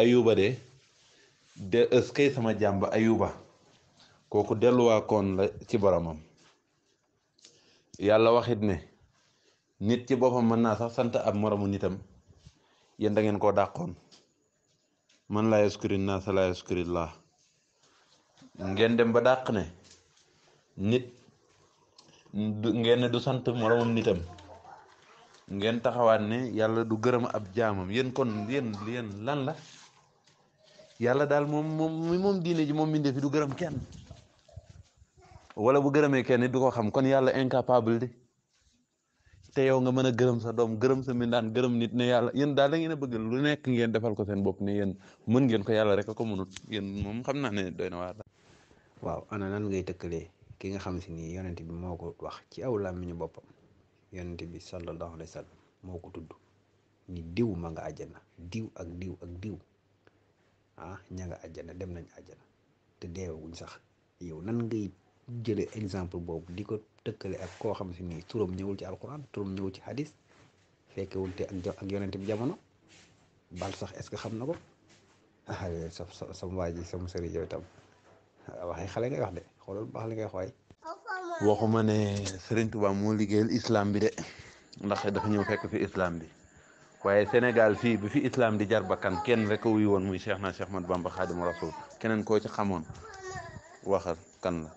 [SPEAKER 1] ayuba de de ëskay sama jaam ba ayuba kooku delluwaakoon la ci boromam yàlla waxit ne nit ci boppam mën naa sax sant ab moromu nitam yéen da ngeen koo dàqoon man laa yaskuri naasa laa yaskuri laa ngeen dem ba dàq ne nit ngeen ne du sant moromam nitam ngeen taxawaat ne yàlla du gërëm ab jaamam yéen kon yéen yéen lan la yàlla daal moom moom moom diine ji moom mbindee fi du gërëm kenn wala bu gërëmee kenn du ko xam kon yàlla incapable di te yow nga mën a gërëm sa doom gërëm sa mindaan gërëm nit ne yàlla yéen daal da ngeen a bëgg lu nekk ngeen defal ko seen bopp ne yéen mën ngeen ko yàlla rek ko mënut yéen
[SPEAKER 10] moom xam naa ne doy na waar waaw ana nan ngay tëkkalee ki nga xam si ni yonent bi moo ko wax ci aw làmmiñu boppam yonent bi sallallahu alayhi wa tudd ni diw ma nga àjjana diw ak diw ak diw ah ña nga àjjana dem nañ àjjana te deewaguñ sax yow nan ngay jële exemple boobu di ko tëkkale ak koo xam si ni turoom ñëwul ci alquran turam ñëwul ci hadis fekkewul te ak ak yonent bi jamono bal sax est-ce que xam na ko ah, sa sa sa waa ji sama sëriñ yow itam ah, waxee xale ngay wax de xoolal baax li ngay xooy.
[SPEAKER 1] waxuma ne Serigne Touba moo liggéey islam bi de ndax dafa ñëw fekk fi islam bi waaye Sénégal fii bi fi islam di jar bakkan kenn rek a wuyu woon muy Cheikh na Cheikh Ahmadou Bamba Khadimu Rasul keneen koo ci xamoon waxal kan la.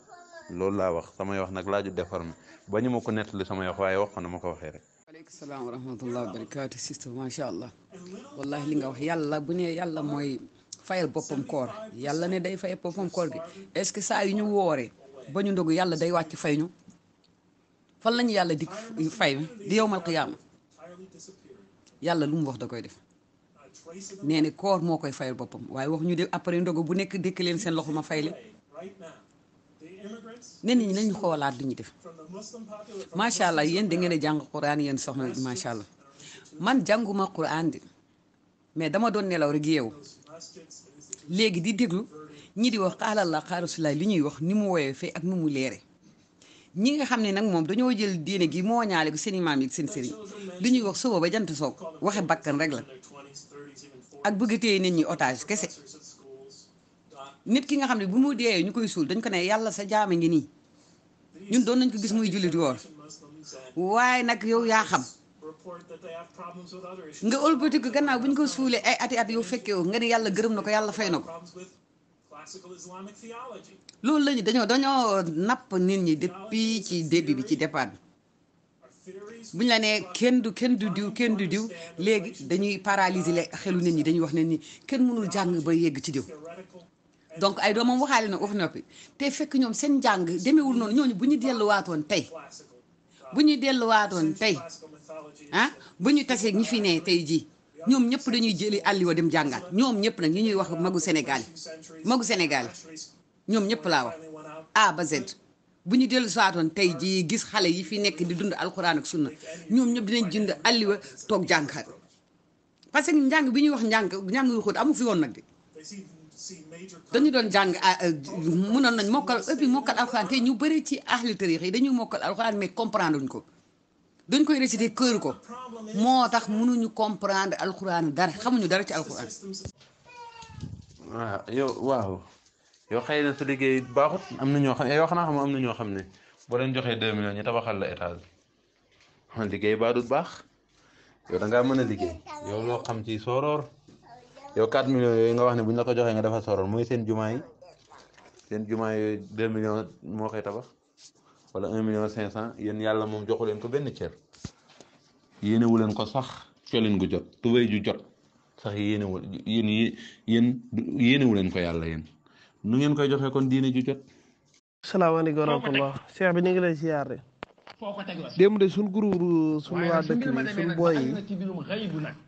[SPEAKER 1] loolu laa wax samay wax nag laaju déformé ba ñu ma ko nettali samay wax waaye wax ko na ma ko waxee rek
[SPEAKER 6] aleykum salaam wa rahmatullah wa barakaatu sister macha allah wallahi li nga wax yàlla bu ne yàlla mooy fayal boppam koor yàlla ne day fay boppam koor gi est-ce que saa yu ñu wooree ba ñu ndogu yàlla day wàcc fay ñu fan lañu yàlla di fay di yowmal qiyaama yàlla lu mu wax da koy def nee ne koor moo koy fayal boppam waaye wax ñu de après ndogu bu nekk dékk leen seen loxo ma fay leen ne nit ñi nañu xoolaat du ñu def macha allah yéen de ngeen a jàng quran yéen soxna macha allah man jànguma quran di mais dama doon nelaw rek yeewu léegi di déglu ñi di wax xaala la xaarasulaay li ñuy wax ni mu woyee fee ak nu mu leere ñi nga xam ne nag moom dañoo jël diine gi moo ñaale ko seen imaam yi seen sëriñ li ñuy wax suba ba jant soog waxe bakkan rek la ak bëgg téye nit ñi otage kese nit ki nga xam ne bu mu dee ñu koy suul dañ ko ne yàlla sa jaama ngi nii ñun doon nañ ko gis muy julit woor waaye nag yow yaa xam nga ëlbati gannaaw bu ñu ko suulee ay ati at yow fekkee woo nga ne yàlla gërëm na ko yàlla fay na ko loolu lañu dañoo dañoo napp nit ñi depuis ci début bi ci départ bi buñ la nee kenn du kenn du diw kenn du diw léegi dañuy paralyser le xelu nit ñi dañuy wax nit ñi kenn mënul jàng ba yegg ci diw donc ay doomam waxaale na wax noppi te fekk ñoom seen njàng demewul noonu ñooñu bu ñu delluwaatoon tey bu ñu delluwaatoon tey ah bu ñu tasee ñi fi ne tey jii ñoom ñëpp dañuy jëli àlliwa dem jàngaat ñoom ñëpp nag ñi ñuy wax magu Sénégal magu Sénégal yi ñoom ñëpp laa wax A bu ñu dellu saatoon tey jii gis xale yi fi nekk di dund alxuraan ak sunna ñoom ñëpp dinañ jënd àlliwa toog jàngaat parce que njàng bi ñuy wax njàng njàng yu xóot amu fi woon nag de dañu doon jàng a ah, euh, nañ mokkal et puis mokkal alxuraan te ñu bari ci ahli tariix yi dañuy mokkal alxuraan mais comprendre luñ ko dañ koy réciter kër ko moo tax mënuñu comprendre alxuraan dara xamuñu dara ci alxuraan.
[SPEAKER 1] waaw yow waaw xëy na su liggéey baaxut am na ñoo xam yow xanaa xam am na ñoo xam ne boo leen joxee deux millions ñu la étage liggéey baadut baax yow da mën a liggéey yow loo xam ci sooroor. yow 4 millions yooyu nga wax ne bu ñu la ko joxee nga dafa soroon mooy seen jumaa yi seen jumaa yooyu 2 millions moo koy tabax wala 1 million 500 yéen yàlla moom joxu leen ko benn cër yéenewu leen ko sax colin gu jot tubéy ju jot sax yéenewu yéen yéen yéenewu leen ko yàlla yéen nu ngeen koy joxee kon diine ju jot.
[SPEAKER 11] salaamaaleykum wa rahmatulah. Cheikh bi ni ngi lay ziare. dem de sun guru sun wa dekk sun boy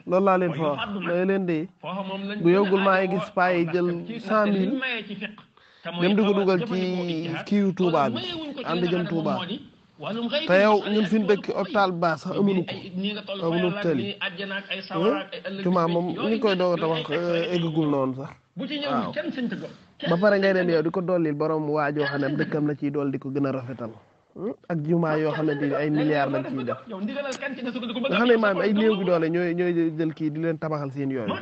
[SPEAKER 4] lool la len fa lay ma gis pay jël 100000 dem di ko dugal ci
[SPEAKER 11] kiyu touba bi and jëm touba
[SPEAKER 4] te yow ñun fi
[SPEAKER 11] dëkk hôpital ba sax amunu ko amunu tali
[SPEAKER 4] hmm? tuma moom ñu
[SPEAKER 11] koy doog noonu sax ba pare ngay di borom dëkkam la ak jumaa yoo xamante di ay milliards lañ ciy def
[SPEAKER 4] nga xam ne maam ay néew gi
[SPEAKER 11] doole ñooy ñooy jël kii di leen tabaxal seen yooyu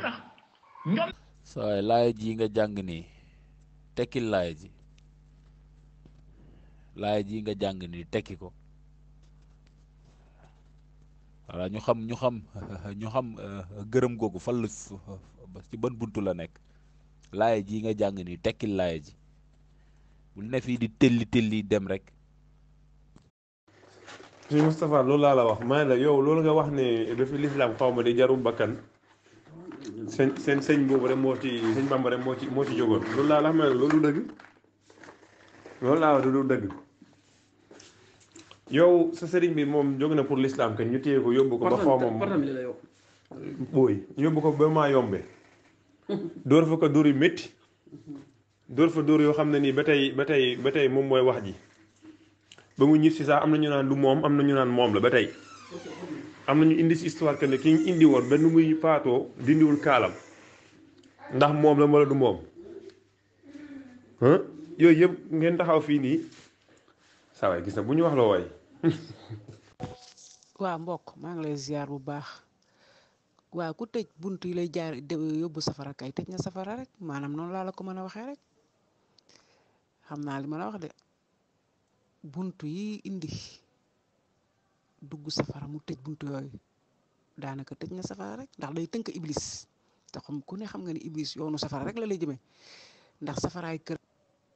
[SPEAKER 5] sooy laaya ji nga jàng nii tekkil laaya ji laaya ji nga jàng nii tekki ko voilà ñu xam ñu xam ñu xam euh, gërëm googu fal la ci ban buntu la nekk laaya ji nga jàng nii tekkil laaya ji bu ne fii di telli telli dem rek
[SPEAKER 2] si Moustapha loolu laa la wax ma la yow loolu nga wax ne ba fi lislaam xaw ma di jarum bakkan seen seen sëñ boobu rek moo ci sëñ Bamba moo ci moo ci jógoon loolu laa la xam ne loolu du dëgg loolu laa wax du dëgg yow sa sëriñ bi moom jóg na pour l'islam que ñu téye ko yóbbu ko ba xaw ma booy yóbbu ko ba maa yombe dóor fa ko dóor yu dóor fa dóor yoo xam ne nii ba tey ba tey ba tey moom mooy wax ji ba mu ñib si saa am ñu naan lu mom amna ñu naan mom la ba tay amna ñu indi ci histoire que ne ki indi woon ben muy dindi Yo, kalam ndax mom la wala du hein yoy yeb ngeen taxaw fi ni sa way gis na buñu wax lo way
[SPEAKER 7] wa mbok ma ngi lay ziar bu baax wa ku tej buntu lay jaar yobbu safara kay tej na safara rek manam non la la ko meuna waxe rek xamna li meuna wax de buntu yi indi dugg safara mu tëj buntu yooyu daanaka tëj na safara rek ndax day tënk iblis te xam ku ne xam nga ni iblis yoonu safara rek la lay jëmee ndax safaraay kër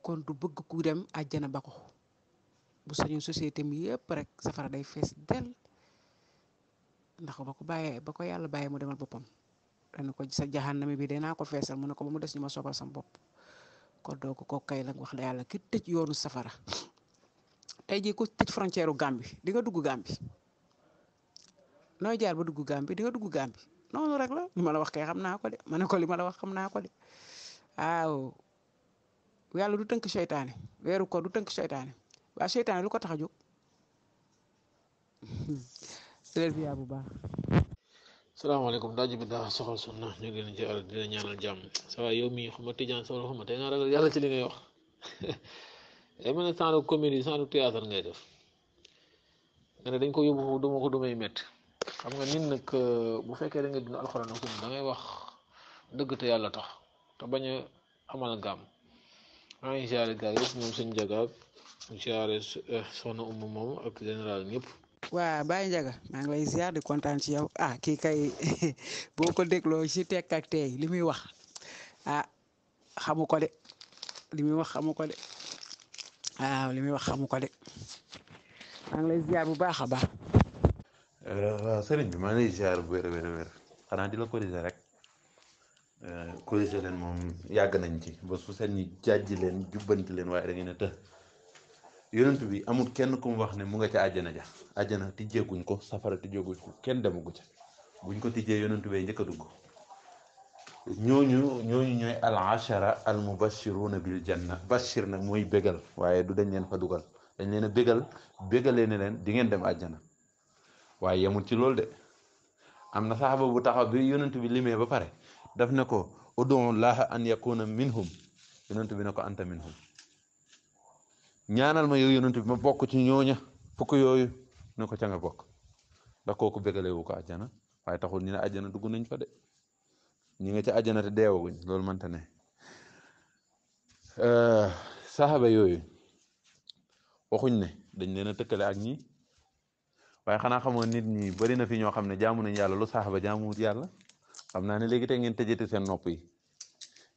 [SPEAKER 7] kon du bëgg ku dem àjjana ba ko bu sañu société mi yépp rek safara day fees del ndax ba ko bàyyee ba ko yàlla bàyyee mu demal boppam dana ko sa jaxannami bi danaa ko feesal mu ne ko ba mu des ñu ma sobal sam bopp kon donc ko kay la wax la yàlla ki tëj yoonu safara tey jii ku tëj frontière u Gambie di nga dugg Gambie jaar ba dugg Gambie di dugg Gambie noonu rek la li ma la wax kay xam naa ko de ma ne ko li ma wax xam naa ko de waaw yàlla du tënk seytaane weeru ko du tënk seytaane waa seytaane lu ko tax a jóg servia bu baax
[SPEAKER 4] salaamaaleykum daaju bi daa soxal sunna ñu di la ñaanal jàmm sa waay yow mii xuma tijaan sa wala xuma tey naa ragal yàlla ci li ngay wax day mel ne sànq comédie ngay def nga dañ ko yóbbu duma ko dumay métti xam nga nit nag euh, bu fekkee da nga dund alxuraan ak sunna da wax dëgg te tax te bañ a amal gàmm maa ngi siyaare gars yëpp ñoom seen jagaab
[SPEAKER 7] eh, di kontaan ci yow ah kii kay boo ko dégloo ci tekk ak tey li muy wax ah xamu de li wax xamu ko de. waaw ah, li muy wax xamu ko de maa ngi bu baax a baax.
[SPEAKER 1] waaw euh, sëriñ bi maa ngi lay bu wér weer weer xanaa di la corriger rek euh, corriger leen moom yàgg nañ ci ba su seen ñi jàjji leen jubbanti leen waaye da ngeen a të yonent bi amul kenn ku mu wax ne mu nga ca àjjana ja àjjana tijjeeguñ ko safara tijjeeguñ ko kenn demagu ca buñ ko tijjee yonent bi njëkk a dugg. ñooñu ñooñu ñooy al ashara al mubashiruna bil janna bashir nag mooy bégal waaye du dañ leen fa dugal dañ leen a bégal bégalee ne leen di ngeen dem àjjana waaye yemul ci loolu de am na saxaba bu taxaw bi yonent bi limee ba pare daf ne ko ud'u llaha an yakuna minhum yonent bi ne ko anta minhum ñaanal ma yow yonent bi ma bokk ci ñooña fukk yooyu ne ko ca nga bokk ndax kooku bégalee wu ko àjjana waaye taxul ñu ne àjjana dugg nañ fa de ñi nga ca àjjana te deewaguñ loolu mënta ne euh, saxaba yooyu waxuñ ne dañ leen a tëkkale ak ñi waaye xanaa xamoon nit ñi bari na fi ñoo xam ne jaamu nañ yàlla lu saxaba jaamuwut yàlla xam naa ne léegi te ngeen tëjati seen nopp yi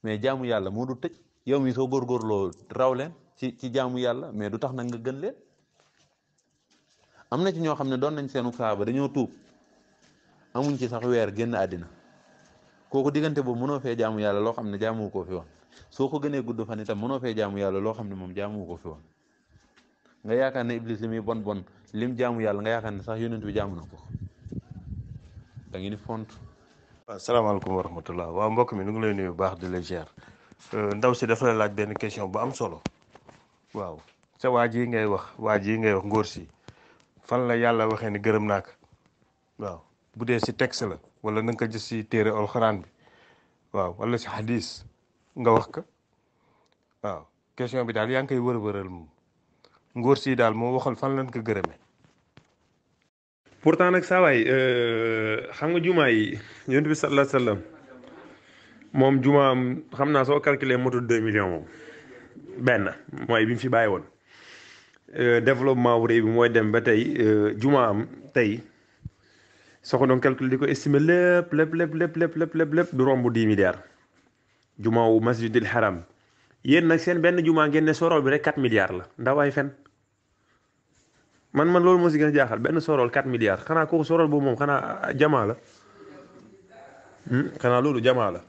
[SPEAKER 1] mais jaamu yàlla moo du tëj yow mi soo góorgóorloo raw leen ci ci jaamu yàlla mais du tax nag nga leen am na ci ñoo xam ne doon nañ seenu saxaba dañoo tuub amuñ ci sax weer génn àddina kooku te bo mënoo fe jaamu ya lo xam ne jaamu ko fi won soo ko guddu fa fan itam mënoo fe jaamu yàlla lo xam ne jaamu ko fi won nga ne iblis limi bon bon lim jaamu ya nga yaakaar ne sax yonent bi jaamu na ko da ngi ni font.
[SPEAKER 2] assalamu alaykum wa rahmatullah wa mbok mi nu ngi lay nuyu bax de di euh, ndaw ci dafa la laaj ben question bu am solo waaw sa waji ngay wax waji ngay wax ngor si fan la yalla waxe ni nak waaw budé ci texte la. wala na nga ko gis si téere alxuraan bi waaw wala si xadis nga wax ko waaw question bi daal yaa ngi koy wërëwëral moom ngóor sii daal moo waxal fan lañ ko gërëmee. pourtant nag saa waay euh, xam nga jumaa yi yonent bi sallallahu alayhi wasallam moom jumaam xam naa soo calculer motul deux millions moom benn mooy bi mu fi bàyyi woon euh, développement wu réew bi mooy dem ba tey euh, am tey. soko doon calcul di ko estimer lépp lépp lépp lépp lépp lépp lépp lépp du romb 10 milliards jumaa wu masjidil haram yéen nag seen benn jumaa ngeen ne sorol bi rek 4 milliards la ndawaay fen man man loolu moo si gën a jaaxal benn sorol 4 milliards xanaa kooku sorol boobu moom xanaa ah, jama la hmm? xanaa loolu jama la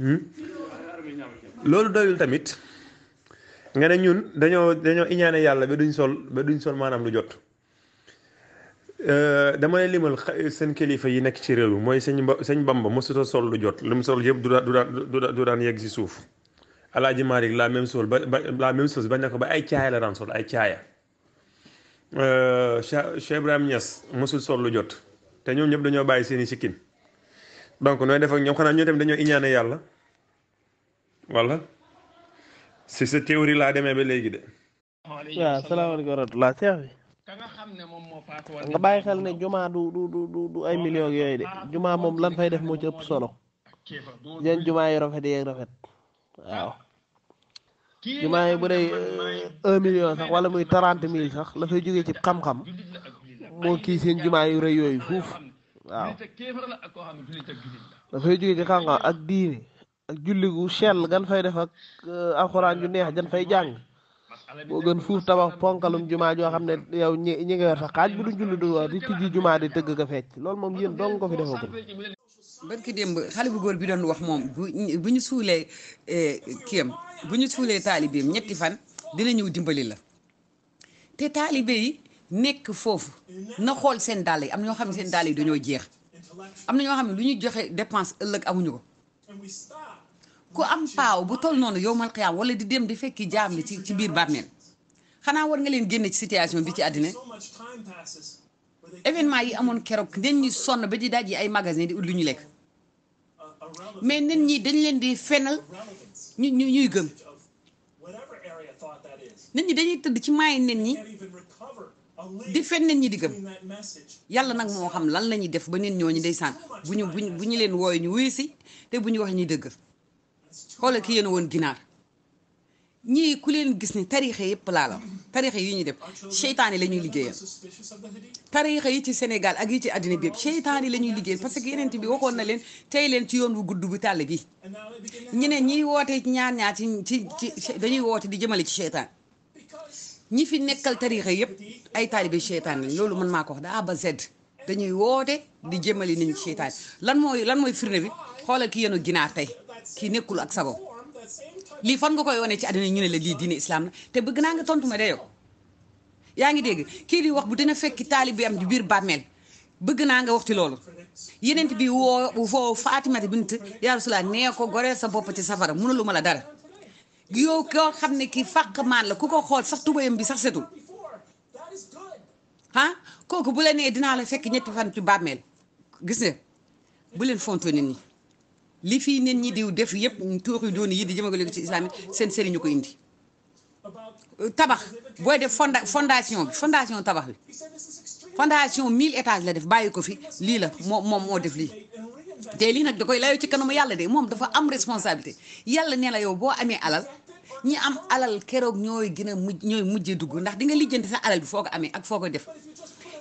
[SPEAKER 2] hmm? loolu doyul tamit nga ne ñun dañoo dañoo iñaane yàlla ba duñ sol ba duñ sol maanaam lu jot Euh, dama lay limal seen kilifa yi nekk ci réew mi mooy sëñ ba sëñ ba mosuta sol lu jot lu mu sol yëpp du daan du daan du yegg si suuf alaaji Malick la même chose ba la même chose bañ na ko ba ay caaya la daan sol ay caaya euh, Cheikh Ibrahim Niass mosul sol lu jot te ñoom ñëpp dañoo bàyyi seen i sikkin donc nooy def ak ñoom xanaa ñoo tamit dañoo iñaane yàlla wala si sa théorie laa demee ba léegi de. waaw salaamaaleykum wa
[SPEAKER 11] rahmatulah ka nga xam
[SPEAKER 7] ne moom moo bàyyi xel
[SPEAKER 11] ne jumaa du du du du ay millions yooyu de jumaa moom lan fay def moo ci ëpp solo jumaa yu rafet yeeg rafet waaw jumaa yi bu dee un million sax wala muy trente mille sax la fay jógee ci xam-xam moo kii jumaa yu rëy yooyu fuuf waaw la fay jógee ci xam-xam ak diini ak julli gu sell gan fay def ak euh, alxuraan ju neex gan fay jàng moo gën fuuf tabax ponkalum jumaa joo xam ne
[SPEAKER 6] yow ñi ñi nga yor sax xaaj bi
[SPEAKER 11] duñ julli du war di tijji jumaa di tëgg ka fecc loolu moom yéen dong ko fi defagul.
[SPEAKER 6] barki démb xale bu góor bi doon wax moom bu bu ñu suulee eh, kéem bu ñu suulee taalibeem ñetti fan dina ñëw dimbali la te taalibe yi nekk foofu na xool seen dàll yi am na ñoo xam ne seen dàll yi dañoo jeex am na ñoo xam ne lu ñu joxe dépense ëllëg amuñu ko. ku am paaw bu toll noonu yow mal xiyaam wala di dem di fekki jaam ni ci ci biir bàmmeel xanaa war nga leen génne ci situation bi ci àddina événement yi amoon keroog nit ñi sonn ba di daj yi magasin di lekk mais nit ñi dañ leen di fenal ñu ñu ñuy gëm ñi dañuy tëdd ci maayi nen ñi di fen nit ñi di gëm yàlla nag moo xam lan la ñuy def ba ñu ñooñu ndeysaan bu ñu bu ñu leen wooyee ñu wuyu si te bu ñu wax ñuy dëgg xoolal ki yéen woon ginaar ñii ku leen gis ni tarixa yëpp laa la tarixa yi ñuy def seytaane la ñuy
[SPEAKER 5] liggéeyal
[SPEAKER 6] yi ci Sénégal ak yi ci àddina bi yëpp la ñuy liggéeyal parce que yeneen bi waxoon na leen tey leen ci yoon bu bu tàll bi ñeneen ñiy woote ñaar ñaar ci ci ci dañuy woote di jëmale ci seytaan ñi fi nekkal tarixa yëpp ay taalibe seytaan loolu mën maa ko wax da ba Z dañuy woote di jëmale nit ñi seytaan lan mooy lan mooy firnde bi xoolal ki yenu ginaar tey kii nekkul ak sago lii fan nga koy wone ci àddina ñu ne la lii diine islam la te bëgg naa nga tontu ma dayoo yaa ngi dégg kii di wax bu dina fekk taalib am ci biir bàmmeel bëgg naa nga wax ci loolu yeneen bi woo foo Faatimata bint yaa Rasulullah nee ko goreel sa bopp ci safara lu ma la dara yow koo xam ne kii fàq maan la ku ko xool sax tubayam bi sax setul ah kooku bu la nee dinaa la fekk ñetti fan ci bàmmeel gis ne bu leen fonto nit ñi li fii nit ñi diw def yëpp tuuri doon yi di jëmale ko ci islam seen sëriñ ñu ko indi tabax booy def fonda fondation bi fondation tabax bi fondation 1000 étages la def bàyyi ko fi lii la moo moom moo def lii. te lii nag da koy layoo ci kanamu yàlla de moom dafa am responsabilité yàlla ne la yow boo amee alal ñi am alal keroog ñooy gën a mujj ñooy mujjee dugg ndax di nga lijjanti sa alal bi foo ko amee ak foo ko def.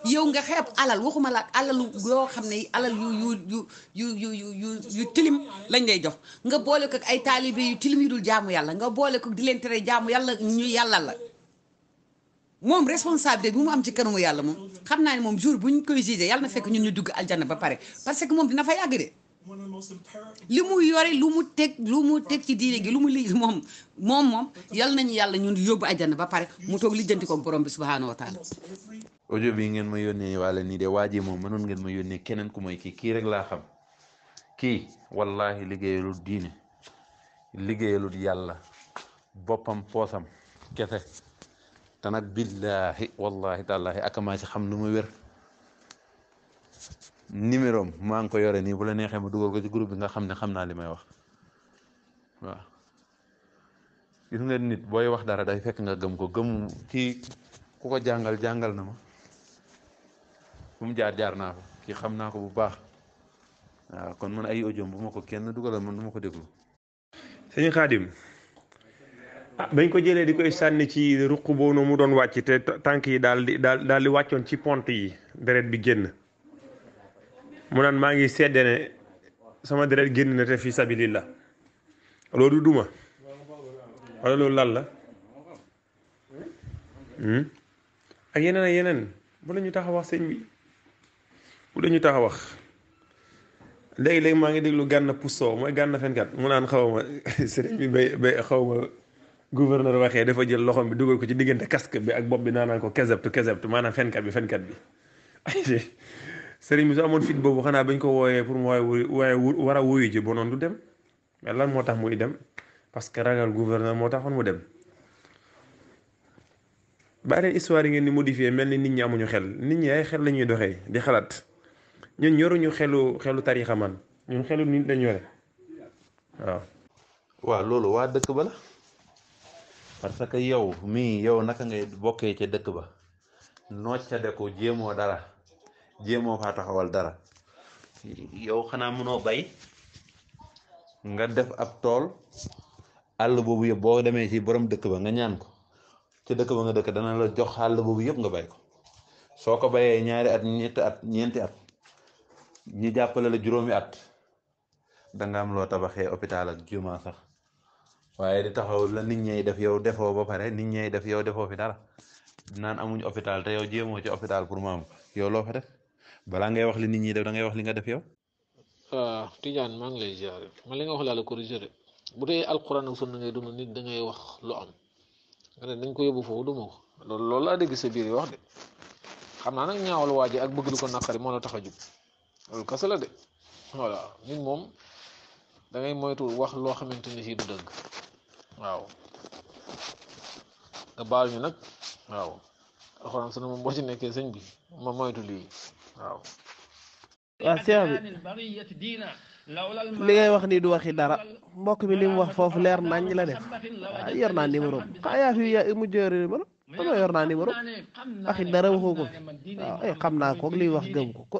[SPEAKER 6] yow nga xeeb alal waxuma la alalu yoo xam ne alal yu yu yu yu yu yu tilim lañ lay jox nga boole ko ay taalibe yu tilim yu dul jaamu yàlla nga boole ko di leen tere jaamu yàlla ñu yàlla la moom responsabilité bi mu am ci kanamu yàlla moom xam naa ne moom jour bu ñu koy jugé na fekk ñun ñu dugg aljana ba pare parce que moom dina fa yàgg de li mu yore lu mu teg lu mu teg ci diine gi lu mu li moom moom moom yal nañu yàlla ñun yóbbu aljana ba pare mu toog lijjanti ko borom bi subhaanahu wa
[SPEAKER 1] audio bi ngeen ma yónnee wala nii de waajee moom mënoon ngeen ma yónnee keneen ku mooy kii kii rek laa xam kii wallahi liggéeyalut diine liggéeyalut yàlla boppam poosam kese te nag billaahi wallahi tàllaahi ak ci xam lu ma wér numéro maa ngi ko yore nii bu neexee ma dugal bi nga xam ne xam naa li may wax waaw gis nit booy wax dara day fekk nga gëm ko gëm kii ku ko jàngal jàngal na ma fu mu jaar jaar naa ko kii xam naa ko bu baax
[SPEAKER 2] waaw kon man ay audio bu ma ko kenn dugalal man du ma ko déglu. sëñ Xaadim ah bañ ko jëlee di koy sànni ci ruq boobu mu doon wàcc te tànk yi daal di wàccoon ci pont yi deret bi génn mu naan maa ngi sedde ne sama deret génn na te fi sabilillah loolu duma wala loolu lan la hmm? ak yeneen ak yeneen bu la ñu tax bu dañu tax wax léegi-léegi maa ngi déglu gànna pustoo mooy gànna fenkat mu naan xaw ma xaw ma gouverneur waxee dafa jël loxom bi dugal ko ci diggante casque bi ak bopp bi naanaan ko kesebtu kesebtu maanaam fenkat bi fenkat bi sëriñ bi su amoon boobu xanaa bañ ko wooyee pour mu waaye waaye war a wuyu ji bonoon du dem mais lan moo tax muy dem parce que ragal gouverneur moo tax taxoon mu dem bari histoire yi ngeen ni modifier mel ni nit ñi amuñu xel nit ñi ay xel la ñuy doxee di xalaat ñun yoruñu xelu xelu tarixa man ñun xelu nit lañ yore waaw.
[SPEAKER 1] waaw loolu waa dëkk ba la parce que yow mii yow naka ngay bokkee ca dëkk ba noccade ko jéemoo dara jéemoo faa taxawal dara. yow xanaa mënoo bay nga def ab tool àll boobu yëpp boo demee ci borom dëkk ba nga ñaan ko ci dëkk ba nga dëkk dana la jox àll boobu yëpp nga bay ko soo ko bayee ñaari at ñetti at ñeenti at ñi jàppale la juróomi at danga am loo tabaxee hôpital ak juma sax waaye di taxaw la nit ñey def yow defo ba pare nit ñey def yow defo fi dara naan amuñ hôpital te yow jéemoo ci hôpital pour mu am yow loo fa def balaa ngay wax li nit ñi def da ngay wax li nga def yow.
[SPEAKER 4] waaw ah, Tidiane maa ngi lay ziare man li nga wax laa la corrigé de bu dee alquran ak sunna ngay dund nit da ngay wax lu am nga dañ ko yóbbu foofu duma loolu loolu laa dégg sa biir yi wax de xam naa nag ñaawal waa ji ak bëgg lu ko naqari moo la tax a jub loolu kese la de wax loo xamante ni si du dëgg waaw nag waaw alxuraan sunu ci nekkee sëñ bi ma moytu lii waaw waaw seex bi li ngay wax nii du waxi dara mbokk mi li mu wax foofu leer nañ la def
[SPEAKER 11] ah, ah, yor naa numéro xaa yaa naa numéro dara waxoo waaw ah, ay xam naa ko lii wax gëm ko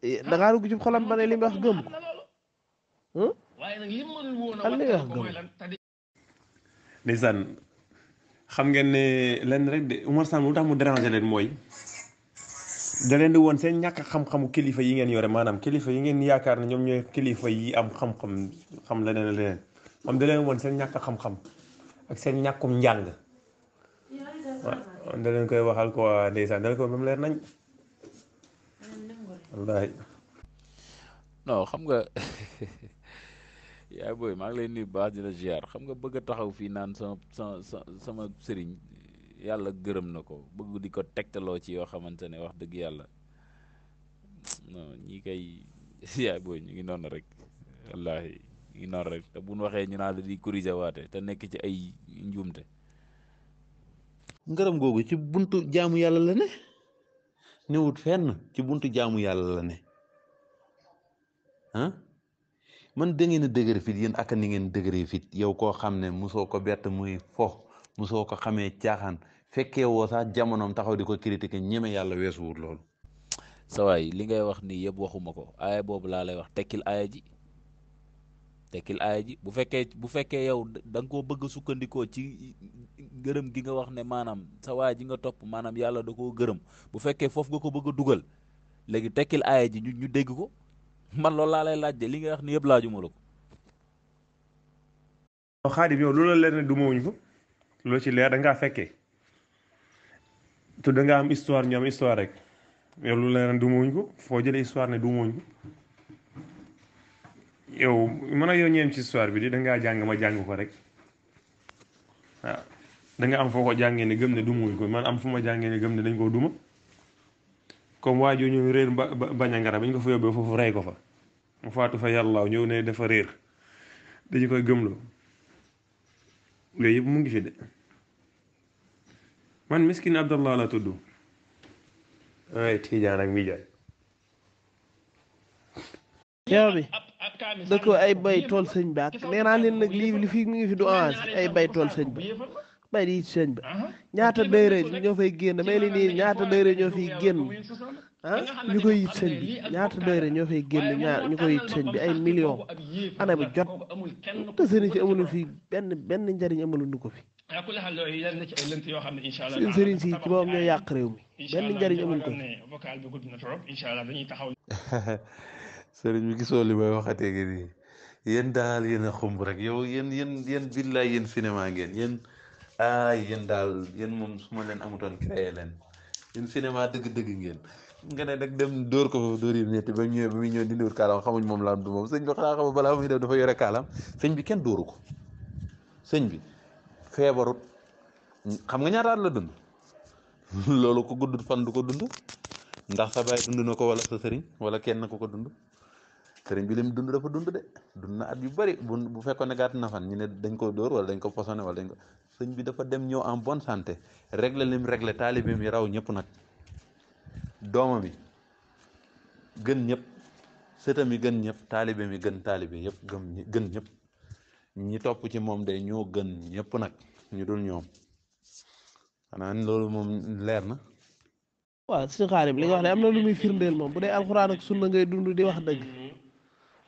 [SPEAKER 11] Eh, da ngaa dugg xolam ba ne li mu gëm ko hmm? an li mu wax
[SPEAKER 2] xam ngeen ne leen rek de Umar Sall lu tax mu mooy da leen di woon seen ñàkk xam-xamu kilifa yi ngeen yore maanaam kilifa yi ngeen yaakaar na ñoom ñooy kilifa yi am xam-xam xam leneen leneen moom da leen woon seen ñàkk xam-xam ak seen ñàkkum njàng waaw da koy waxal ko ndeysaan da leen koy ba leer nañ
[SPEAKER 8] wallaahi.
[SPEAKER 5] non xam nga yaay booy maa ngi lay nuyu baax di la xam nga bëgg a taxaw fii naan sama sama sama sëriñ yàlla gërëm na ko bëgg di ko tegtaloo ci yoo xamante ne wax dëgg yàlla non ñii kay yaay booy ñu ngi noonu rek wallaahi ñu ngi noonu rek te bu waxee ñu naa la di corriger waate te nekk
[SPEAKER 1] ci ay njuumte. ngërëm googu ci buntu jaamu yàlla la ne. newut fenn ci buntu jaamu yàlla la ne man da na a dëgër fit yéen ak ni ngeen dëgëree fit yow koo xam ne musoo ko bett muy fo musoo ko xamee caaxaan fekkee woo sax jamonoom taxaw di ko critiquer ñeme yàlla weesuwut loolu. sawaay li ngay wax ni yëpp waxuma ko aaya boobu laa lay wax
[SPEAKER 5] tekkil aaya Tekil aaya ji bu fekkee bu fekkee yow da nga koo bëgg a sukkandikoo ci gërëm gi nga wax ne maanaam sa waay ji nga topp maanaam yàlla da koo gërëm bu fekkee foofu nga ko bëgg a dugal léegi tekkil aaya ji ñu ñu dégg ko man loolu laa lay laaj de li nga wax ni yëpp laajuma la ko.
[SPEAKER 2] xaadim yow loolu la leer ne du ma wuñ fa loolu ci leer da ngaa fekkee tu da nga am histoire ñu am histoire rek yow loolu la leer ne du ma wuñ ko foo histoire ne du ma wuñ ko yow mën a yow ñeem ci histoire bi di dangaa jàng ma jàng ko rek waaw danga am foo ko jàngee ne gëm ne dumuñ ko man am fu ma jàngee ne gëm ne dañ koo duma comme waa jooju ñu réer ba bañangara bañ ko fa foofu rey ko fa mu fa yàllaaw ñëw ne dafa réer dañu koy gëmloo yooyu yëpp mu ngi fi de man miskin abdallah la tudd ay tiijaan ak mijaay
[SPEAKER 11] da ko ay bay tool sëñ bi ak nee naa leen nag lii li fii mi ngi fi du orange ay bay tool sëñ bi bay di sëñ bi ñaata dayre ñoo fay génn may li nii ñaata dayre ñoo fiy génn ah ñu koy yit sëñ bi ñaata dayre ñoo fay génn ñaar ñu koy yit sëñ bi ay million ana bi jot te sëñ si amulu fi benn benn njariñ amulu nu ko fi
[SPEAKER 2] ah, suñ sëriñ
[SPEAKER 11] si ci moom ñoo yàq réew mi
[SPEAKER 8] benn njariñ amul ko fi
[SPEAKER 11] sëriñ bi
[SPEAKER 1] gisoo li may waxatee gi nii yéen daal yéen a xumb rek yow yéen yéen yéen billaay yéen cinéma ngeen yéen aay yéen daal yéen moom su ma leen amutoon créé leen yéen cinéma dëgg-dëgg ngeen nga ne nag dem dóor ko foofu dóor yi metti ba ñëwee ba muy ñëw di dóor kaalam xamuñ moom la du moom sëñ bi xanaa xamul balaa muy def dafa yore kaalam sëñ bi kenn dóoru ko sëñ bi feebarut xam nga ñaataat la dund loolu ko gudd fan du ko dund ndax sa baay dund na ko wala sa sëriñ wala kenn ko ko dund sëriñ bi lim dund dafa dund de dund na at yu bëri bu bu fekkoon ne gàtt na fan ne dañ ko dóor wala dañ ko posone wala dañ ko sëriñ bi dafa dem ñëw en bonne santé régler lim régler taalibe mi raw ñëpp nag doomam yi gën ñëpp sëtam yi gën ñëpp taalibe mi gën taalibe yëpp gëm gën ñëpp ñi topp ci moom day ñoo gën ñëpp nag ñu dul ñoom xanaa loolu moom leer na.
[SPEAKER 11] waaw si xaarib li wax ne am na lu muy moom bu dee alxuraan ak sunna ngay dund di wax dëgg.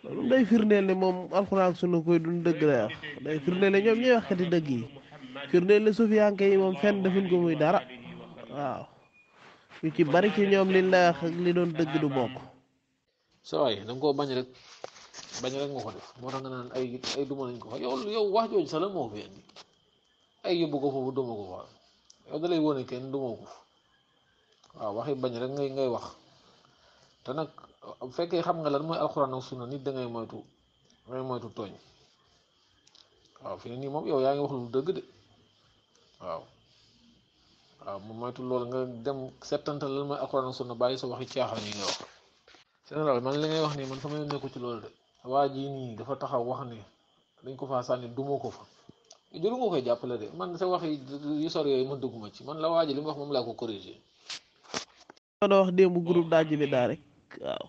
[SPEAKER 11] loolu day firndeel ne moom alxuraan sunu koy dund dëgg lay wax dëgg yi firndeel yi moom fenn defuñ ko muy dara ci bari ci ñoom liñ lay wax ak li doon dëgg du bokk.
[SPEAKER 4] saa waay da nga koo rek bañ rek nga ko def ay ay duma nañ ko fa yow wax jooju sax la moo fi ay yóbbu ko foofu duma ko fa yow da lay wone kenn duma ko waaw waxi bañ rek ngay ngay wax te nag. bu fekkee xam nga lan mooy alxuraan ak na nit da ngay moytu dangay moytu tooñ waaw fi ne nii moom yow yaa ngi wax lu dëgg de waaw waaw mu moytu loolu nga dem settantal lan mooy alxuraan ak sunna bàyyi sa waxi caaxaan yi nga wax. général man li ngay wax nii man sama yoon nekku ci loolu de waa jii nii dafa taxaw wax ne dañ ko faa sànni duma ko fa jëlu nga koy jàppale de man sa wax yi sor yooyu ma dugg ma ci man la waa ji li mu wax moom laa ko corrigé.
[SPEAKER 11] wax démb groupe daa jëlee daa rek.
[SPEAKER 4] waaw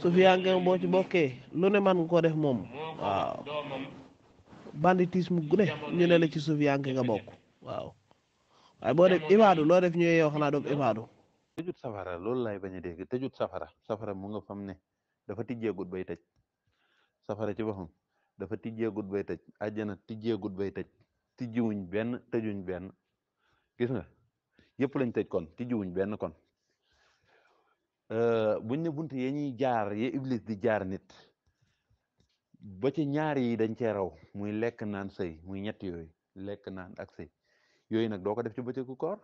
[SPEAKER 3] Soufiane
[SPEAKER 11] Gueye boo ci bokkee lu ne man nga ko def moom waaw banditisme gu ne ñu ne la ci Soufiane Gueye nga bokk waaw waaye boo def ibaadu lool def ñëwee yow xanaa doom ibaadu
[SPEAKER 1] tëjut safara loolu laay bañ a dégg tëjut safara safara mu nga fam ne dafa tijjeegut bay tëj safara ci boppam dafa tijjeegut bay tëj àjjana tijjeegut bay tëj tijjiwuñ benn tëjuñ benn gis nga yëpp lañ tëj kon tijjiwuñ benn kon buñ ne bunt ya ñuy jaar ya iblis di jaar nit ba ci ñaar yi dañ cee raw muy lekk naan sey muy ñett yooyu lekk naan ak sëy yooyu nag doo ko def ci bëccëgu koor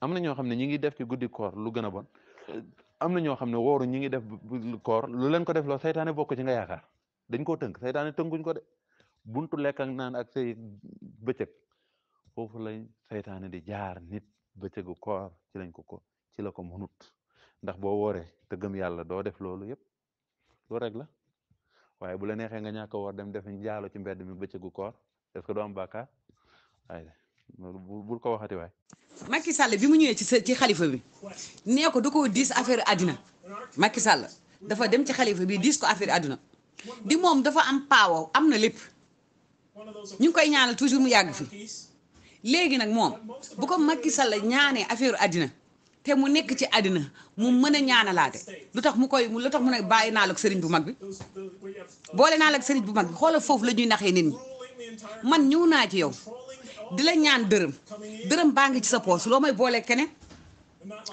[SPEAKER 1] am na ñoo xam ne ñi ngi def ci guddi koor lu gën a bon am na ñoo xam ne wooru ñi ngi def koor lu leen ko def loo saytaane bokk ci nga yaakaar dañ koo tënk saytaane tënkuñ ko de buntu lekk ak naan ak sëy bëccëg foofu lañ saytaane di jaar nit bëccëgu koor ci lañ ko ko ci la ko mënut ndax boo wooree te gëm yàlla doo def loolu yëpp loolu rek la waaye bu la neexee nga ñàkk a woor dem def njaalo ci mbedd mi bëccëgu koor est-ce que doo am bàkkaar waaye
[SPEAKER 6] bul ko waxati waay. Macky Sall bi mu ñëwee ci ci xalifa bi nee ko da koo diis affaire àddina makki Sall dafa dem ci xalifa bi diis ko affaire addina di moom dafa am paawo am na lépp ñu koy ñaanal toujours mu yàgg fi léegi nag moom bu ko Macky Sall ñaanee affaire àddina. te mu nekk ci àddina mu mën a ñaanalaate lu tax mu koy lu tax mu ne bàyyi naa la ak sëriñ bu mag bi boole naa la ak sëriñ bu mag bi xoolal foofu la ñuy naxee nit man ñëw naa ci yow di la ñaan dërëm dërëm baa ngi ci sa poos loo may boole keneen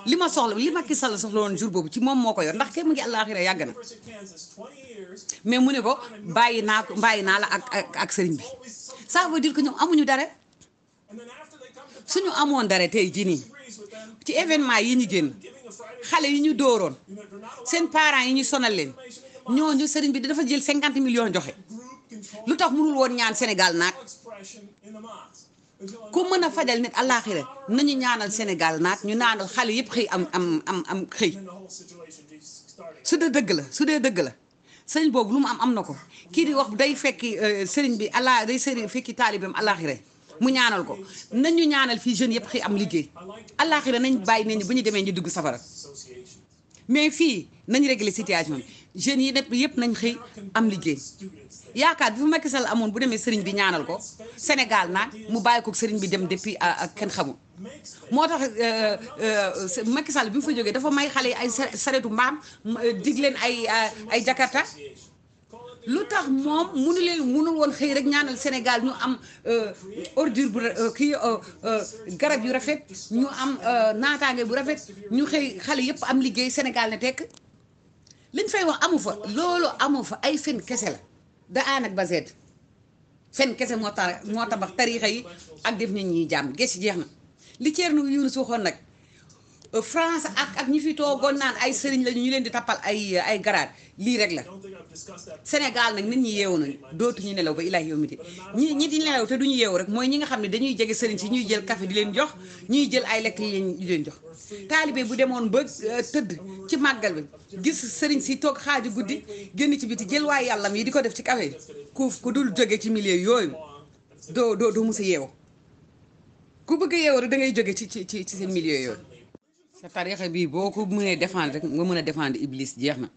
[SPEAKER 6] li ma soxla li ma kisal soxla woon jour boobu ci moom moo ko yor ndax kenn mu ngi àllaaxira mu ne ko bàyyi naa ko naa la ak ak ak sëriñ bi ça veut dire que amuñu dara suñu amoon dara tey jii nii. ci événement yi ñu génn xale yi ñu dóoroon seen parent yi ñu sonal leen ñooñu sëriñ bi dafa jël cinquante million joxe lu tax mënul woon ñaan senegal naat ku mën a fajal nit àllaaxira nañu ñaanal Sénégal naat ñu naanal xale yëpp xëy am am am am xëy su dee dëgg la su dee dëgg la sëriñ boobu lu mu am am na ko kii di wax day fekki euh, sëriñ bi allah day sëriñ fekki taalibeem àllaaxira mu ñaanal ko nañu ñaanal fii jeunes yëpp xi am liggéey àllaaxira nañ bàyyi nañu ba ñu demee ñu dugg safara mais fii nañ régler situation bi jeunes yi nepp yëpp nañ xëy am liggéey yaakaar bi fu Macky Sall amoon bu demee sëriñ bi ñaanal ko Sénégal naag mu bàyyi ko sëriñ bi dem depuis euh, ak kenn xamu moo tax euh, euh, Macky Sall bi mu fa jógee dafa may xale yi ay saretu mbaam dig leen ay ay Jakarta lu tax moom munu leen munul woon xëy rek ñaanal Sénégal ñu am ordure bu kii garab yu rafet ñu am naataange bu rafet ñu xëy xale yëpp am liggéey Sénégal ne tekk liñ fay wax amu fa loolu amu fa ay fen kese la da aan ak baseet fen kese moo tax moo tabax tariixa yi ak def nit ñi jàmm gesi jeex na li Thierno Younous waxoon nag France ak ak ñi fi toogoon naan ay sëriñ la ñu leen di tappal ay ay garaat lii rek la Sénégal nag nit ñi yeewu nañu dootuñu nelaw ba ilaahi yawmi diin ñi ñi di nelaw te duñu yeewu rek mooy ñi nga xam ne dañuy jege sëriñ si ñuy jël café di leen jox ñuy jël ay lekk yi leen jox taalibe bu demoon ba euh, tëdd ci màggal bi gis sëriñ si toog xaaju guddi génn ci biti jël waaye yàllam yi di ko def ci café kuuf ku dul jóge ci milieu yooyu doo doo doo yeewu ku bëgg a yeewu rek da ngay jóge ci ci ci seen milieu yooyu sa tarixa bii boo ko mënee défendre rek nga mën a défendre iblis jeex na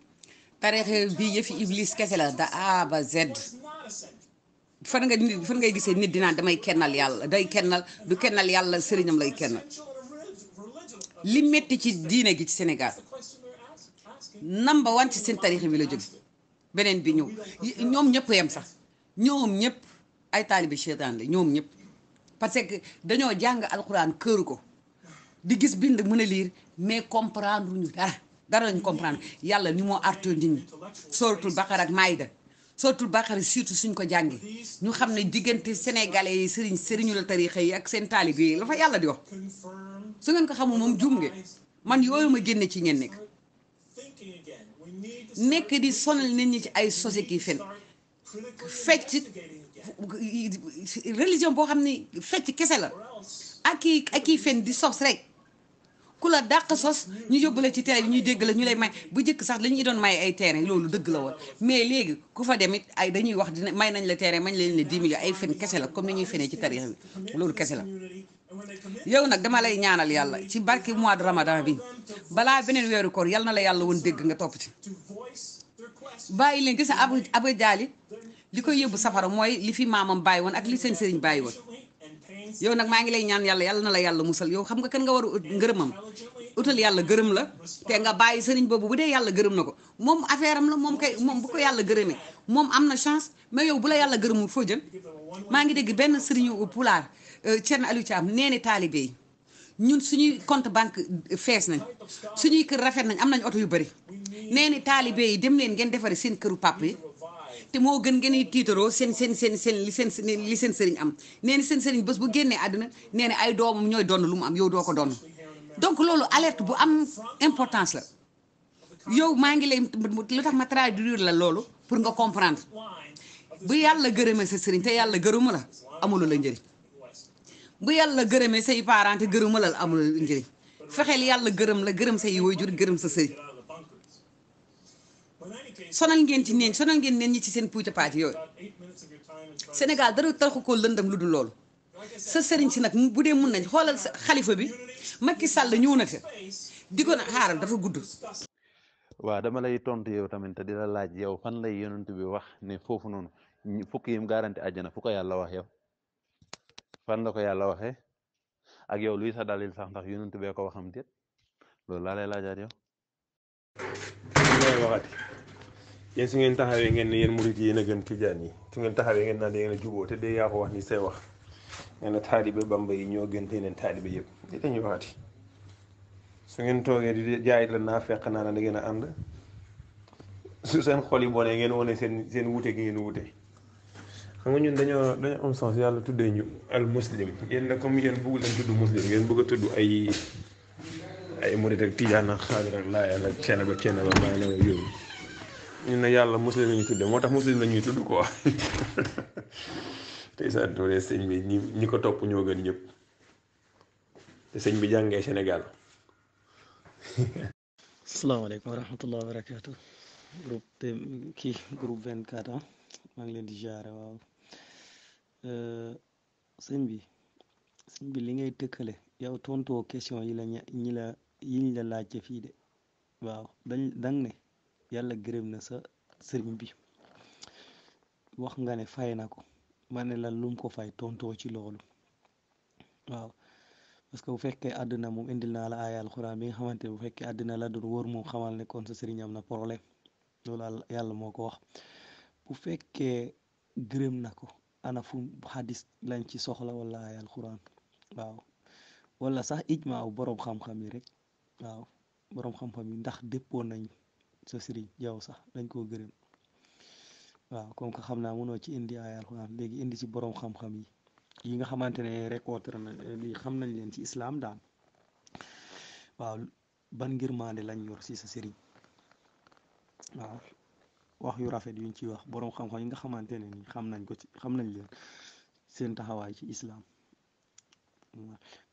[SPEAKER 6] tarixe bi yëfi iblis kese la da A Z fan nga nit fan ngay gisee nit dinaan damay kennal yàlla day kennal du kennal yàlla sëriñam lay kennal li metti ci diine gi ci Sénégal number one ci seen tarixe bi la jóge beneen bi ñëw ñoom ñëpp yem sax ñoom ñëpp ay taalibi seytaan la ñoom ñëpp parce que dañoo jàng alxuraan këru ko di gis bind mun a liir mais comprendre ñu dara dara lañu comprendre yàlla ni moo artur nit ñi sooratul Baqara ak Maïda sooratul Baqara surtout suñ ko jàngee ñu xam ne diggante sénégalais yi sëriñ sëriñu la tarixa yi ak seen taalib yi la fa yàlla di wax su ngeen ko xamul moom juum ngeen man yooyu ma génne ci ngeen nekk nekk di sonal nit ñi ci ay soseg yi fen fecc religion boo xam ne fecc kese la ak i ak i fen di sos rek ku la dàq sos ñu yóbbu la ci télé bi ñuy dégg la ñu lay may bu njëkk sax dañuy doon may ay terrain loolu dëgg la woon mais léegi ku fa demit ay dañuy wax dina may nañ la terrain mañ leen la 10 millions ay fen kese la comme ni ñuy fenee ci tarix bi loolu kese la yow nag dama lay ñaanal yàlla ci barki mois de ramadan bi balaa beneen weeru koor yal na la yàlla woon dégg nga topp ci bàyyi leen gis nga ab ab jaali li koy yóbbu safara mooy li fi maamam bàyyi woon ak li seen sëriñ bàyyi woon yow nag maa ngi lay ñaan yàlla yàlla na la yàlla musal yow xam nga kan nga war a ngërëmam utal yàlla gërëm la te nga bàyyi sëriñ boobu bu dee yàlla gërëm na ko moom affaire am la moom kay moom bu ko yàlla gërëmee moom am na chance mais yow bu la yàlla gërëmul foo jëm maa ngi dégg benn sëriñu pulaar euh, Thierno Aliou Thiam nee na taalibe yi ñun suñuy compte banque fees nañ suñuy kër rafet nañ am nañ oto yu bëri nee na taalibe yi dem leen ngeen defaree seen këru papa yi te moo gën ngeen di tiitaroo seen seen seen seen li seen li seen sëriñ am nee na seen sëriñ bés bu génnee àdduna nee na ay doomam ñooy donn lu mu am yow doo ko donn donc loolu alerte bu am importance la yow maa ngi lay lu tax ma traduire la loolu pour nga comprendre bu yàlla gërëmee sa sëriñ te yàlla gërëmu la amulu la njëriñ bu yàlla gërëmee say parents te gërëmu la amulu la njëriñ fexeel yàlla gërëm la gërëm say waajur gërëm sa sëriñ sonal ngeen ci neen sonal ngeen neen ñi ci seen puy paaj yooyu Sénégal dara taxu ko lëndam lu dul loolu sa sëriñ si nag bu dee mun nañ xoolal sa xalifa bi Macky Sall ñëw na fi di ko na xaaral dafa gudd.
[SPEAKER 1] waa dama lay tontu yow tamit te di la laaj yow fan lay yonent bi wax ne foofu noonu fukki yim garanti àjjana fu ko yàlla wax yow fan la ko yàlla waxee ak yow luy sa dalil sax ndax yonent bee ko waxam déet
[SPEAKER 2] loolu laa lay laajaat yow. yéen si ngeen taxawee ngeen ne yéen murit yi yéen a gën tijaan yi su ngeen taxawee ngeen naan da ngeen a juboo te de yaa ko wax ni say wax nee na taalibe bamba yi ñoo gën te taalibe yëpp li dañuy waxati su ngeen toogee di jaay la naa fekk naa na da ngeen a ànd su seen xol yi bonee ngeen wane seen seen wute gi ngeen wute xam nga ñun dañoo dañoo am sens yàlla tuddee ñu al muslim yéen nag comme yéen bëgg leen tudd muslim ngeen bëgg a tudd ay ay murit ak tijaan ak xaadir ak laayaan ak cene ba cene ba yooyu ñu ne yàlla muslim la ñuy tudde moo tax muslim la ñuy tudd quoi tey saa doole sëñ bi ñi ko topp ñoo gën ñëpp te sëñ bi jàngee Sénégal.
[SPEAKER 8] asalaamaaleykum wa kii groupe 24 ans ah. maa ngi leen di jaare euh, sëñ bi sëñ bi li ngay tëkkale yow tontoo question yi la ñi la yiñ fii de waaw dañ dang ne. yàlla gërëm na sa sëriñ bi wax nga ne fay na ko ma ne la lum ko fay tontoo ci loolu waaw parce que bu fekkee àddina moom indil naa la aaya alxuraan bi nga xamante ne bu fekkee àddina la wóor moom xamal ne kon sa sëriñ am na problème loolu yàlla moo ko wax bu fekkee gërëm na ko ana fu xadis lañ ci soxla wala aaya alxuraan waaw wala sax ijmaaw boroom xam-xam yi rek waaw boroom xam-xam ndax déppoon nañ sa sëriñ yow sax dañ koo gërëm waaw comme que xam naa mënoo ci indi ay alxuraan léegi indi ci borom xam-xam yi yi nga xamante ne récolter na xam nañ leen ci islaam daan waaw ban maande lañ yor si sa sëriñ waaw wax yu rafet yuñ ci wax borom xam-xam yi nga xamante ne ni xam nañ ko ci xam nañ leen seen taxawaay ci islaam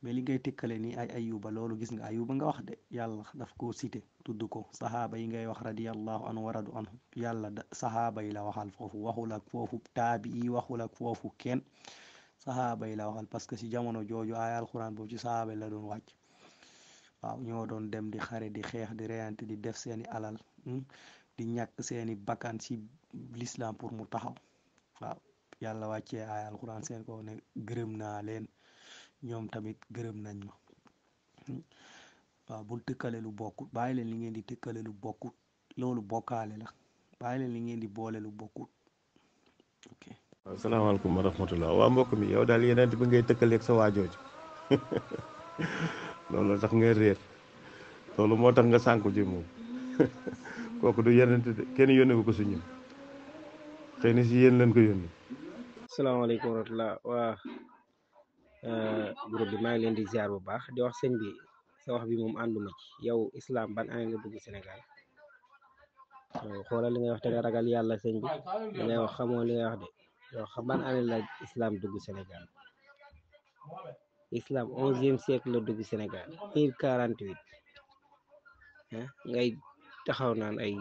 [SPEAKER 8] mais li ngay tëkkale ni ay ayuba loolu gis nga ayuba nga wax de yàlla daf ko cité tudd ko saxaaba yi ngay wax radiallahu anhu waradu anhu yàlla saxaaba yi la waxal foofu waxul ak foofu taabi yi waxul ak foofu kenn saxaaba yi la waxal parce que si jamono jooju ay alxuraan boobu ci saxaaba yi la doon wàcc waaw ñoo doon dem di xare di xeex di reyante di def seeni alal hmm, di ñàkk seeni bakan si l'islam pour mu taxaw waaw yàlla ay alxuraan seen ko ne gërëm ñoom tamit gërëm nañ ma waaw bul tëkkale lu bokkut bàyyi leen li ngeen di tëkkale lu bokkut loolu bokkaale la bàyyi leen li ngeen di boole lu bokkut
[SPEAKER 2] ok asalaamaaleykum wa rahmatulah waa mbokk mi yow daal yeneen bi ngay tëkkaleeg sa waajooju loolu tax ngay réer loolu moo tax nga sànku ji moom kooku du yeneen kenn yónne ko suñu ñun xëy na si yéen leen ko yónni
[SPEAKER 10] asalaamaaleykum wa rahmatulah waa Euh, groupe bi maa ngi leen di ziar bu baax di wax sëñ bi sa wax bi moom ànduma ci yow islam ban année nga dugg Sénégal xoolal li ngay wax te ragal yàlla sëñ bi li ngay wax xamoo li ngay wax de xam ban année la islam dugg Sénégal islam onzième siècle la dugg Sénégal mille quarante huit
[SPEAKER 4] ah ngay taxaw naan ay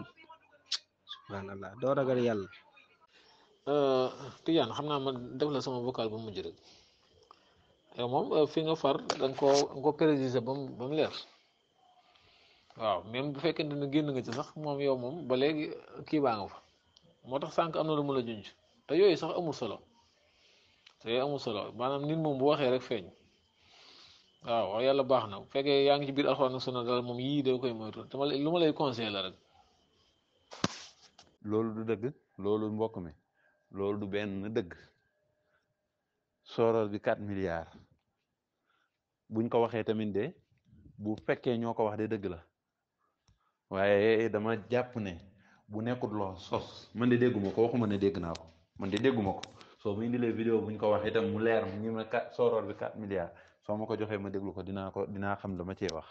[SPEAKER 4] subhanallah doo ragal yàlla. Euh, Tidiane xam naa ma def la sama vocal bu mujj yow eh, moom eh, fi nga far da nga ko précisé ba mu ba même bu fekkente ne génn nga ci sax moom yow moom ba léegi eh, kii baa nga moo tax sànq am na lu mu la junj te yooyu sax amul solo te yooyu solo maanaam nit moom bu waxee rek feeñ waaw waaw yàlla baax na bu fekkee yaa ngi ci biir alxuraan na sunna dal moom yii da koy moytu te lu ma lay conseillé la rek.
[SPEAKER 1] loolu du dëgg loolu mbokk mi loolu du benn dëgg. Soros bi quatre milliards buñ ko waxee tamit de bu fekkee ñoo ko wax de dëgg la waaye dama jàpp ne bu nekkut loo sos man de dégguma ko waxuma ne dégg naa ko man de dégguma ko soo ma indilee vidéo buñ ko wax itam mu leer mu ñu ma quatre Soros ma ko joxee ma déglu ko dinaa ko dinaa xam dama cee wax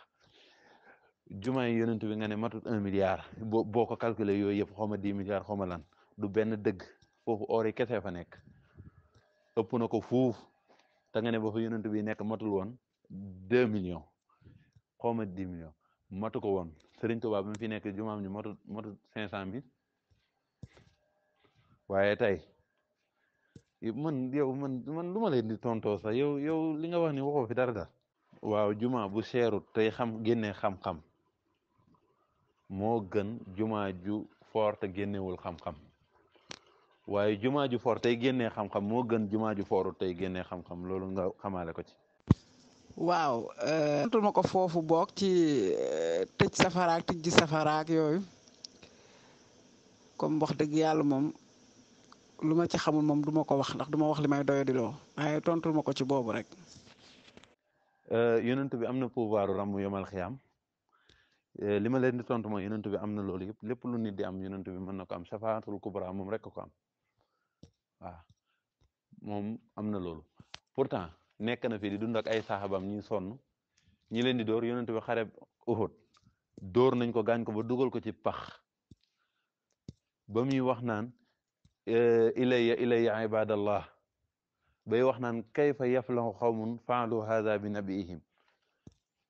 [SPEAKER 1] juma yi yonent bi nga ne matut un milliard boo boo ko calculer yooyu yëpp xaw ma dix milliards xaw ma du benn dëgg foofu or yi fa nekk ëpp na ko fuuf te nga ne ba fa yonent bi nekk matul woon deux millions xaw ma dix millions matu ko woon to Touba bi mu fi nekk jumaam ñu matu matu cinq cent mille waaye tey man yow man man lu ma leen di tontoo sax yow yow li nga wax ni waxoo fi dara dara waaw juma bu seerut tey xam génnee xam-xam moo gën juma ju fort génnewul xam-xam waaye jumaa ju for tey génnee xam-xam moo gën jumaa ju foru tey génnee xam-xam loolu nga xamaale ko ci
[SPEAKER 7] waaw antul eh, ma ko foofu boog ci eh, tëj safaraak tëj safaraak yooyu comme wax dëgg yàlla moom lu ma ci xamul moom duma ko wax ndax du wax li may doyadiloo waaye tontul ma ko ci boobu rek
[SPEAKER 1] eh, yonent bi am na pouvoiru ràmm yomal xiyaam li ma leen di tontu mooy yonent bi am na loolu yëpp lépp lu nit di am yonent bi mën na ko am safaatul kubra moom rek ko am waaw moom am na loolu pourtant nekk na fi di dund ak ay saxaabam ñi sonn ñi leen di dóor yonent bi xareb Uhud dóor nañ ko gaañ ko ba dugal ko ci pax ba muy wax naan ilayya ilayya ibadallah bay wax naan kayfa yaflahu xawmun faalu hada bi nabiihim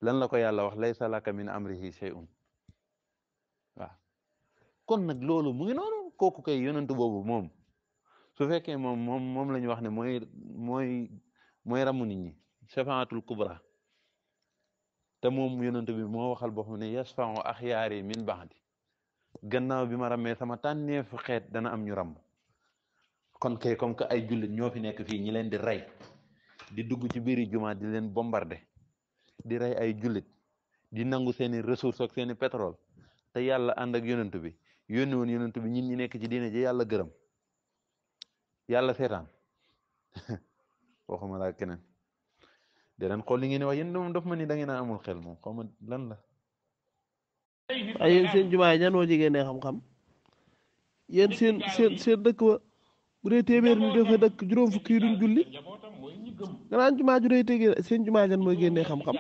[SPEAKER 1] lan la ko yàlla wax laysa laka min amrihi shay'un waaw kon nag loolu mu ngi noonu kooku kay yonent boobu moom su fekkee moom moom moom la ñu wax ne mooy mooy mooy ramu nit ñi shafaatul kubra te moom yonent bi moo waxal boppam ne yasfau axyaari min baxdi gannaaw bi ma ramee sama tànneefu xeet dana am ñu ram kon kay comme que ay jullit ñoo fi nekk fii ñi leen di rey di dugg ci biiri juma di leen bombardé di rey ay jullit di nangu seeni ressource ak seeni pétrole te yàlla ànd ak yonent bi yónni woon yonent bi ñin ñi nekk ci diine ji yàlla gërëm yàlla seetaan waxuma laa keneen deneen xool li ngeen wax yéen moom daf ma ni da a amul xel moom xaw ma lan la
[SPEAKER 11] waaye yéen seen jumaa yi ñan woo jigéen xam-xam yéen seen seen seen dëkk wa bu dee téeméer ni dëkk juróom fukki yi duñ julli ganaan jumaa ju dee téeméer seen jumaa jan mooy génnee xam-xam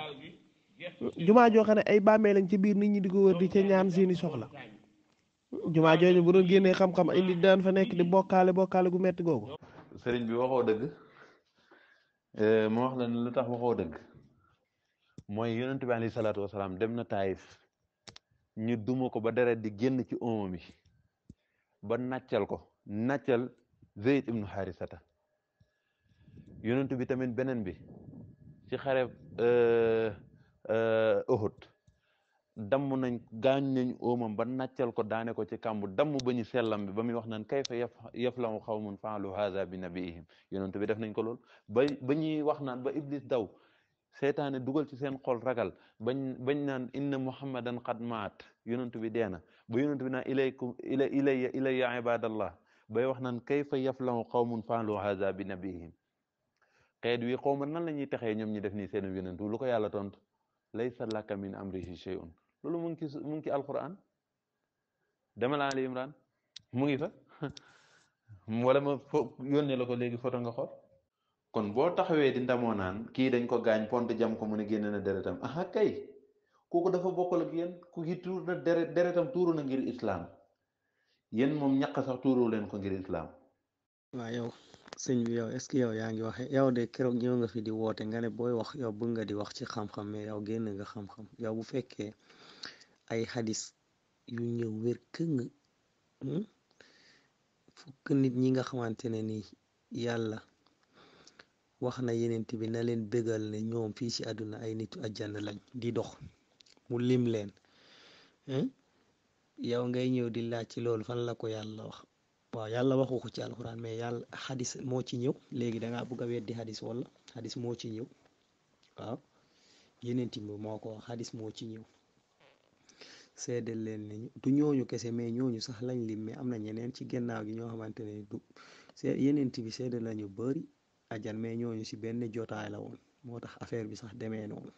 [SPEAKER 11] jumaa joo xam ne ay bàmmee lañ ci biir nit ñi di ko wër di ca ñaan seeni soxla jumaa jooju bu doon mm. génnee xam-xam ay nit daan fa nekk di mm. bokkaale bokkaale gu metti googu
[SPEAKER 1] sëriñ bi waxoo dëgg eh, wax lu tax waxoo dëgg mooy yonent bi alayhi salaatu wasalaam dem na taayif ñu duma ko ba deret di génn ci omo mi ba nàccal ko nàccal Zeyd ibnu Harisata yonent bi tamit beneen bi ci xare eh, eh, Uhud damm nañ gaañ nañ óomam ba nàccal ko daane ko ci kàmbu damm ba ñu sellam bi ba muy wax naan kayfa yaf yaflamu xawmun faalu haza bi nabihim yonent bi def nañ ko lool ba ba ñuy wax naan ba iblis daw seytaane dugal ci seen xol ragal bañ bañ naan inna muhammadan qad maat yonent bi dee na ba yonent bi naan ilaykum ila ilaya ilaya ibadallah bay wax naan kayfa yaflamu qawmun faalu haza bi nabihim xeet wi xawma nan la ñuy texee ñoom ñi def nii seen yonent lu ko yàlla tontu laysa laka min amrihi shay'un loolu mu ngi ci mu ngi ci alquran demal Ali Imran mu ngi fa wala ma fo yónnee la ko léegi foto nga xool kon boo taxawee di ndamoo naan kii dañ ko gaañ pont jam ko mun a génne na deretam aha kay kooku dafa bokkal ak yéen ku gi tuur na deretam tuuru na ngir islaam yéen moom ñaq sax tuuru leen ko ngir islaam
[SPEAKER 8] sëñ bi yow est yaa ngi waxee yow de keroog ñëw nga fi di woote nga ne booy wax yow bëgg nga di wax ci xam-xam mais yow génn nga xam-xam yow bu fekkee ay xadis yu ñëw wér këng hmm, fukk nit ñi nga xamante ne nii yàlla wax na yeneen tibi na leen bégal ne ñoom fii ci àdduna ay nitu àjjana lañ di dox mu lim leen hmm. yow ngay ñëw di laaj ci loolu fan la ko yàlla wax waaw yàlla waxu ko ci alxuraan mais yàlla xadis moo ci ñëw léegi dangaa ngaa bëgg a weddi xadis wala xadis moo ci ñëw waaw yeneen timb moo ko wax xadis moo ci ñëw seedeel leen ne du ñooñu kese mais ñooñu sax lañ lim mais am na ñeneen ci gennaaw gi ñoo xamante ne du yeneen bi seedeel lañu bëri ajan mais ñooñu si benn jotaay la woon moo tax affaire bi sax demee noonu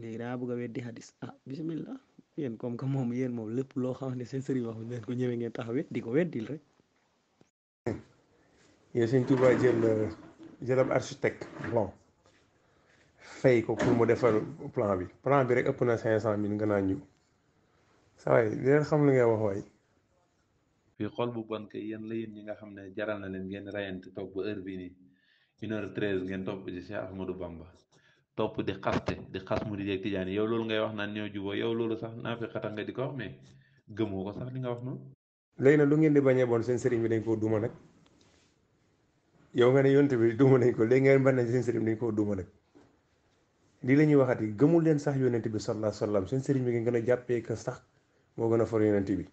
[SPEAKER 8] léegi da ngaa weddi xadis ah, bismillah yéen comme que moom yéen moom lépp loo xamante ne seen sëriñ wax ko ñëwee ngeen taxawee di ko weddil rek.
[SPEAKER 2] yéen sëñ Touba jël jël ab architecte plan ko pour mu defar plan bi plan bi rek ëpp na cinq cent mille nga naan ñu saa leen xam lu ngay wax waay.
[SPEAKER 1] fii xol bu bon kay yéen la yéen ñi nga xam ne jaral na leen ngeen rayante toog ba heure une heure treize ngeen topp ci Cheikh Ahmadou Bamba. top di xaste di xas mu di jek tidiane yow lolou ngay wax nan ñoo jubo yow lolou sax naa fi xata nga diko wax mais gëmoo ko sax li nga wax non
[SPEAKER 2] leena lu ngeen di bañe bon seen serigne bi dañ ko duma nak yow nga ne yonte bi duma nañ ko leen ngeen ban nañ seen serigne dañ ko duma nak lii lañuy waxati gëmul leen sax yonente bi sallallahu alayhi wasallam seen serigne bi ngeen gëna jappé ke sax mo gëna for yonente bi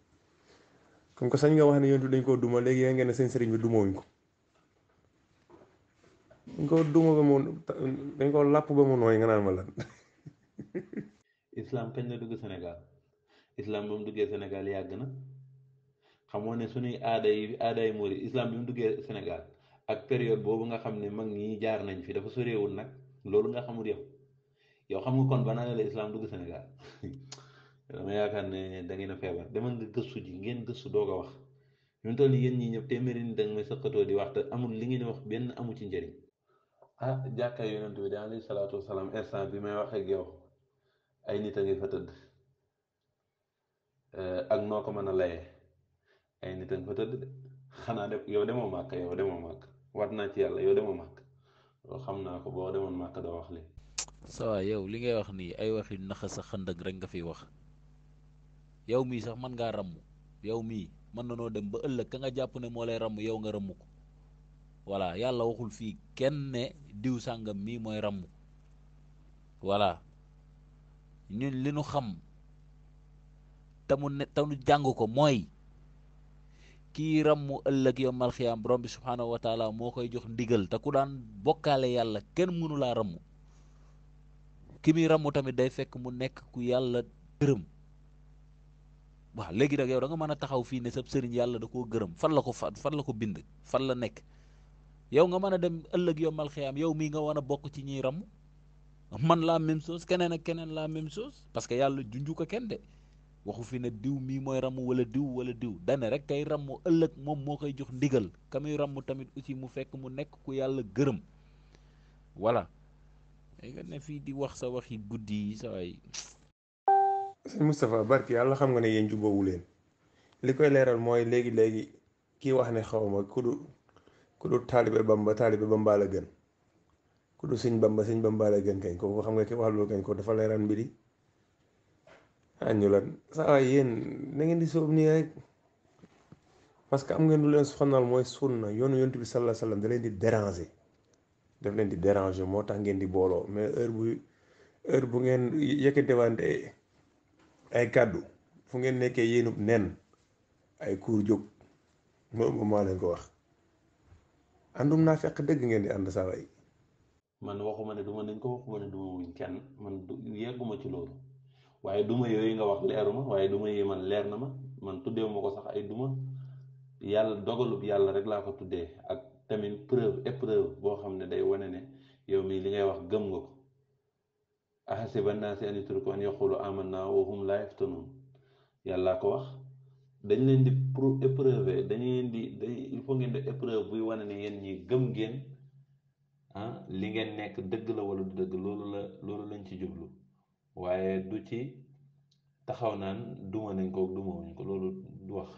[SPEAKER 2] comme ko sañ nga wax ne yonte dañ ko duma léegi ngeen ne seen serigne bi duma wuñ ko dañ koo duma ba mu dañ koo nooy nga naan ma lan
[SPEAKER 1] islam kañ la dugg Sénégal islam ba mu duggee Sénégal yàgg na xamoo ne suñuy aada yi aada yi murid islam bi mu duggee Sénégal ak période boobu nga xam ne mag ñi jaar nañ fi dafa soreewul nag loolu nga xamul yow yow xam nga kon ba naa la islam dugg Sénégal dama yaakaar ne da ngeen a feebar demal nga gëstu ji ngeen gëstu doo a wax ñu toll yéen ñi ñëpp téeméeri ni da nga may sëqatoo di wax te amul li ngeen wax benn amu ci njëriñ ah jàkka yonent bi di alayhi salaatu wasalaam instant bi may wax ak yow ay nit a ngi fa tëdd eh, ak noo ko mën a layee ay nit a ngi fa tëdd de xanaa de yow demoo màkk yow demoo màkk war naa ci yàlla yow demoo màkk loolu xam naa boo demoon màkk doo
[SPEAKER 5] yow li ngay wax nii ay waxi naxa sa xëndëg rek nga fiy wax yow mii sax mën ngaa ràmm yow mii mën na noo dem ba ëllëg ka nga jàpp ne moo lay ràmm yow nga ràmm ko. voilà yàlla waxul fii kenn ne diw sàngam mii mooy ràmm voilà ñun li nu xam te mu ne te nu jàng ko mooy kii ràmm ëllëg yowmal xiyaam borom bi subhaanahu wa moo koy jox ndigal te ku daan bokkaale yàlla kenn mënu laa ki muy ràmm tamit day fekk mu nekk ku yàlla gërëm waaw léegi nag yow da mën a taxaw fii ne sab sëriñ yàlla da koo gërëm fan la ko fan la ko bind fan la nekk yow nga mën a dem ëllëg yombal xiyaam yow mii nga war a bokk ci ñiy ramm man laa même chose keneen ak keneen laa même chose parce que yàlla junju ko kenn de waxu fi ne diw mii mooy ramm wala diw wala diw dane rek kay ramm ëllëg moom moo koy jox ndigal ka muy ramm tamit aussi mu fekk mu nekk ku yàlla gërëm voilà ay ne fii di wax sa waxi guddi yi sa waay
[SPEAKER 2] sëñ Moustapha barki yàlla xam nga ne yéen juboowu leen li koy leeral mooy léegi-léegi kii wax ne xaw ma ku dul taalibe bamba taalibe bamba la gën ku dul sëñ bamba sëñ bamba la gën kañ ko xam nga ki wax loolu kañ ko dafa leeral mbiri añu ah, lan saa waay yéen na ngeen di sóob nii rek parce que am ngeen lu leen soxnaal mooy na yoonu yonent bi sallallahu alayhi wasallam da leen di déranger daf leen di déranger moo tax ngeen di booloo mais heure bu heure bu ngeen yëkkatewante ay kàddu fu ngeen nekkee yéenub nen ay kuur jóg moom maa leen ko wax àndum naa fekk dëgg ngeen di ànd saa waay
[SPEAKER 1] man waxuma ne duma nañ ko waxuma ne duma wuñ kenn man yegguma ci loolu waaye duma yooyu nga wax leeruma waaye duma yi man leer na ma man tuddeewu ma ko sax ay duma yàlla dogalub yàlla rek laa ko tuddee ak tamit preuve épreuve boo xam ne day wane ne yow mii li ngay wax gëm nga ko ahasiba nnaasi an yutruku an yaqulu amanna wa hum laa yaftanun yàlla ko wax dañ leen di pour épreuve dañ leen di day il faut ngeen di épreuve buy wane ne yéen ñi gëm ngeen ah li ngeen nekk dëgg la wala du dëgg loolu la loolu lañ ci jublu waaye du ci taxaw naan duma nañ ko dumawuñ ko loolu
[SPEAKER 5] du wax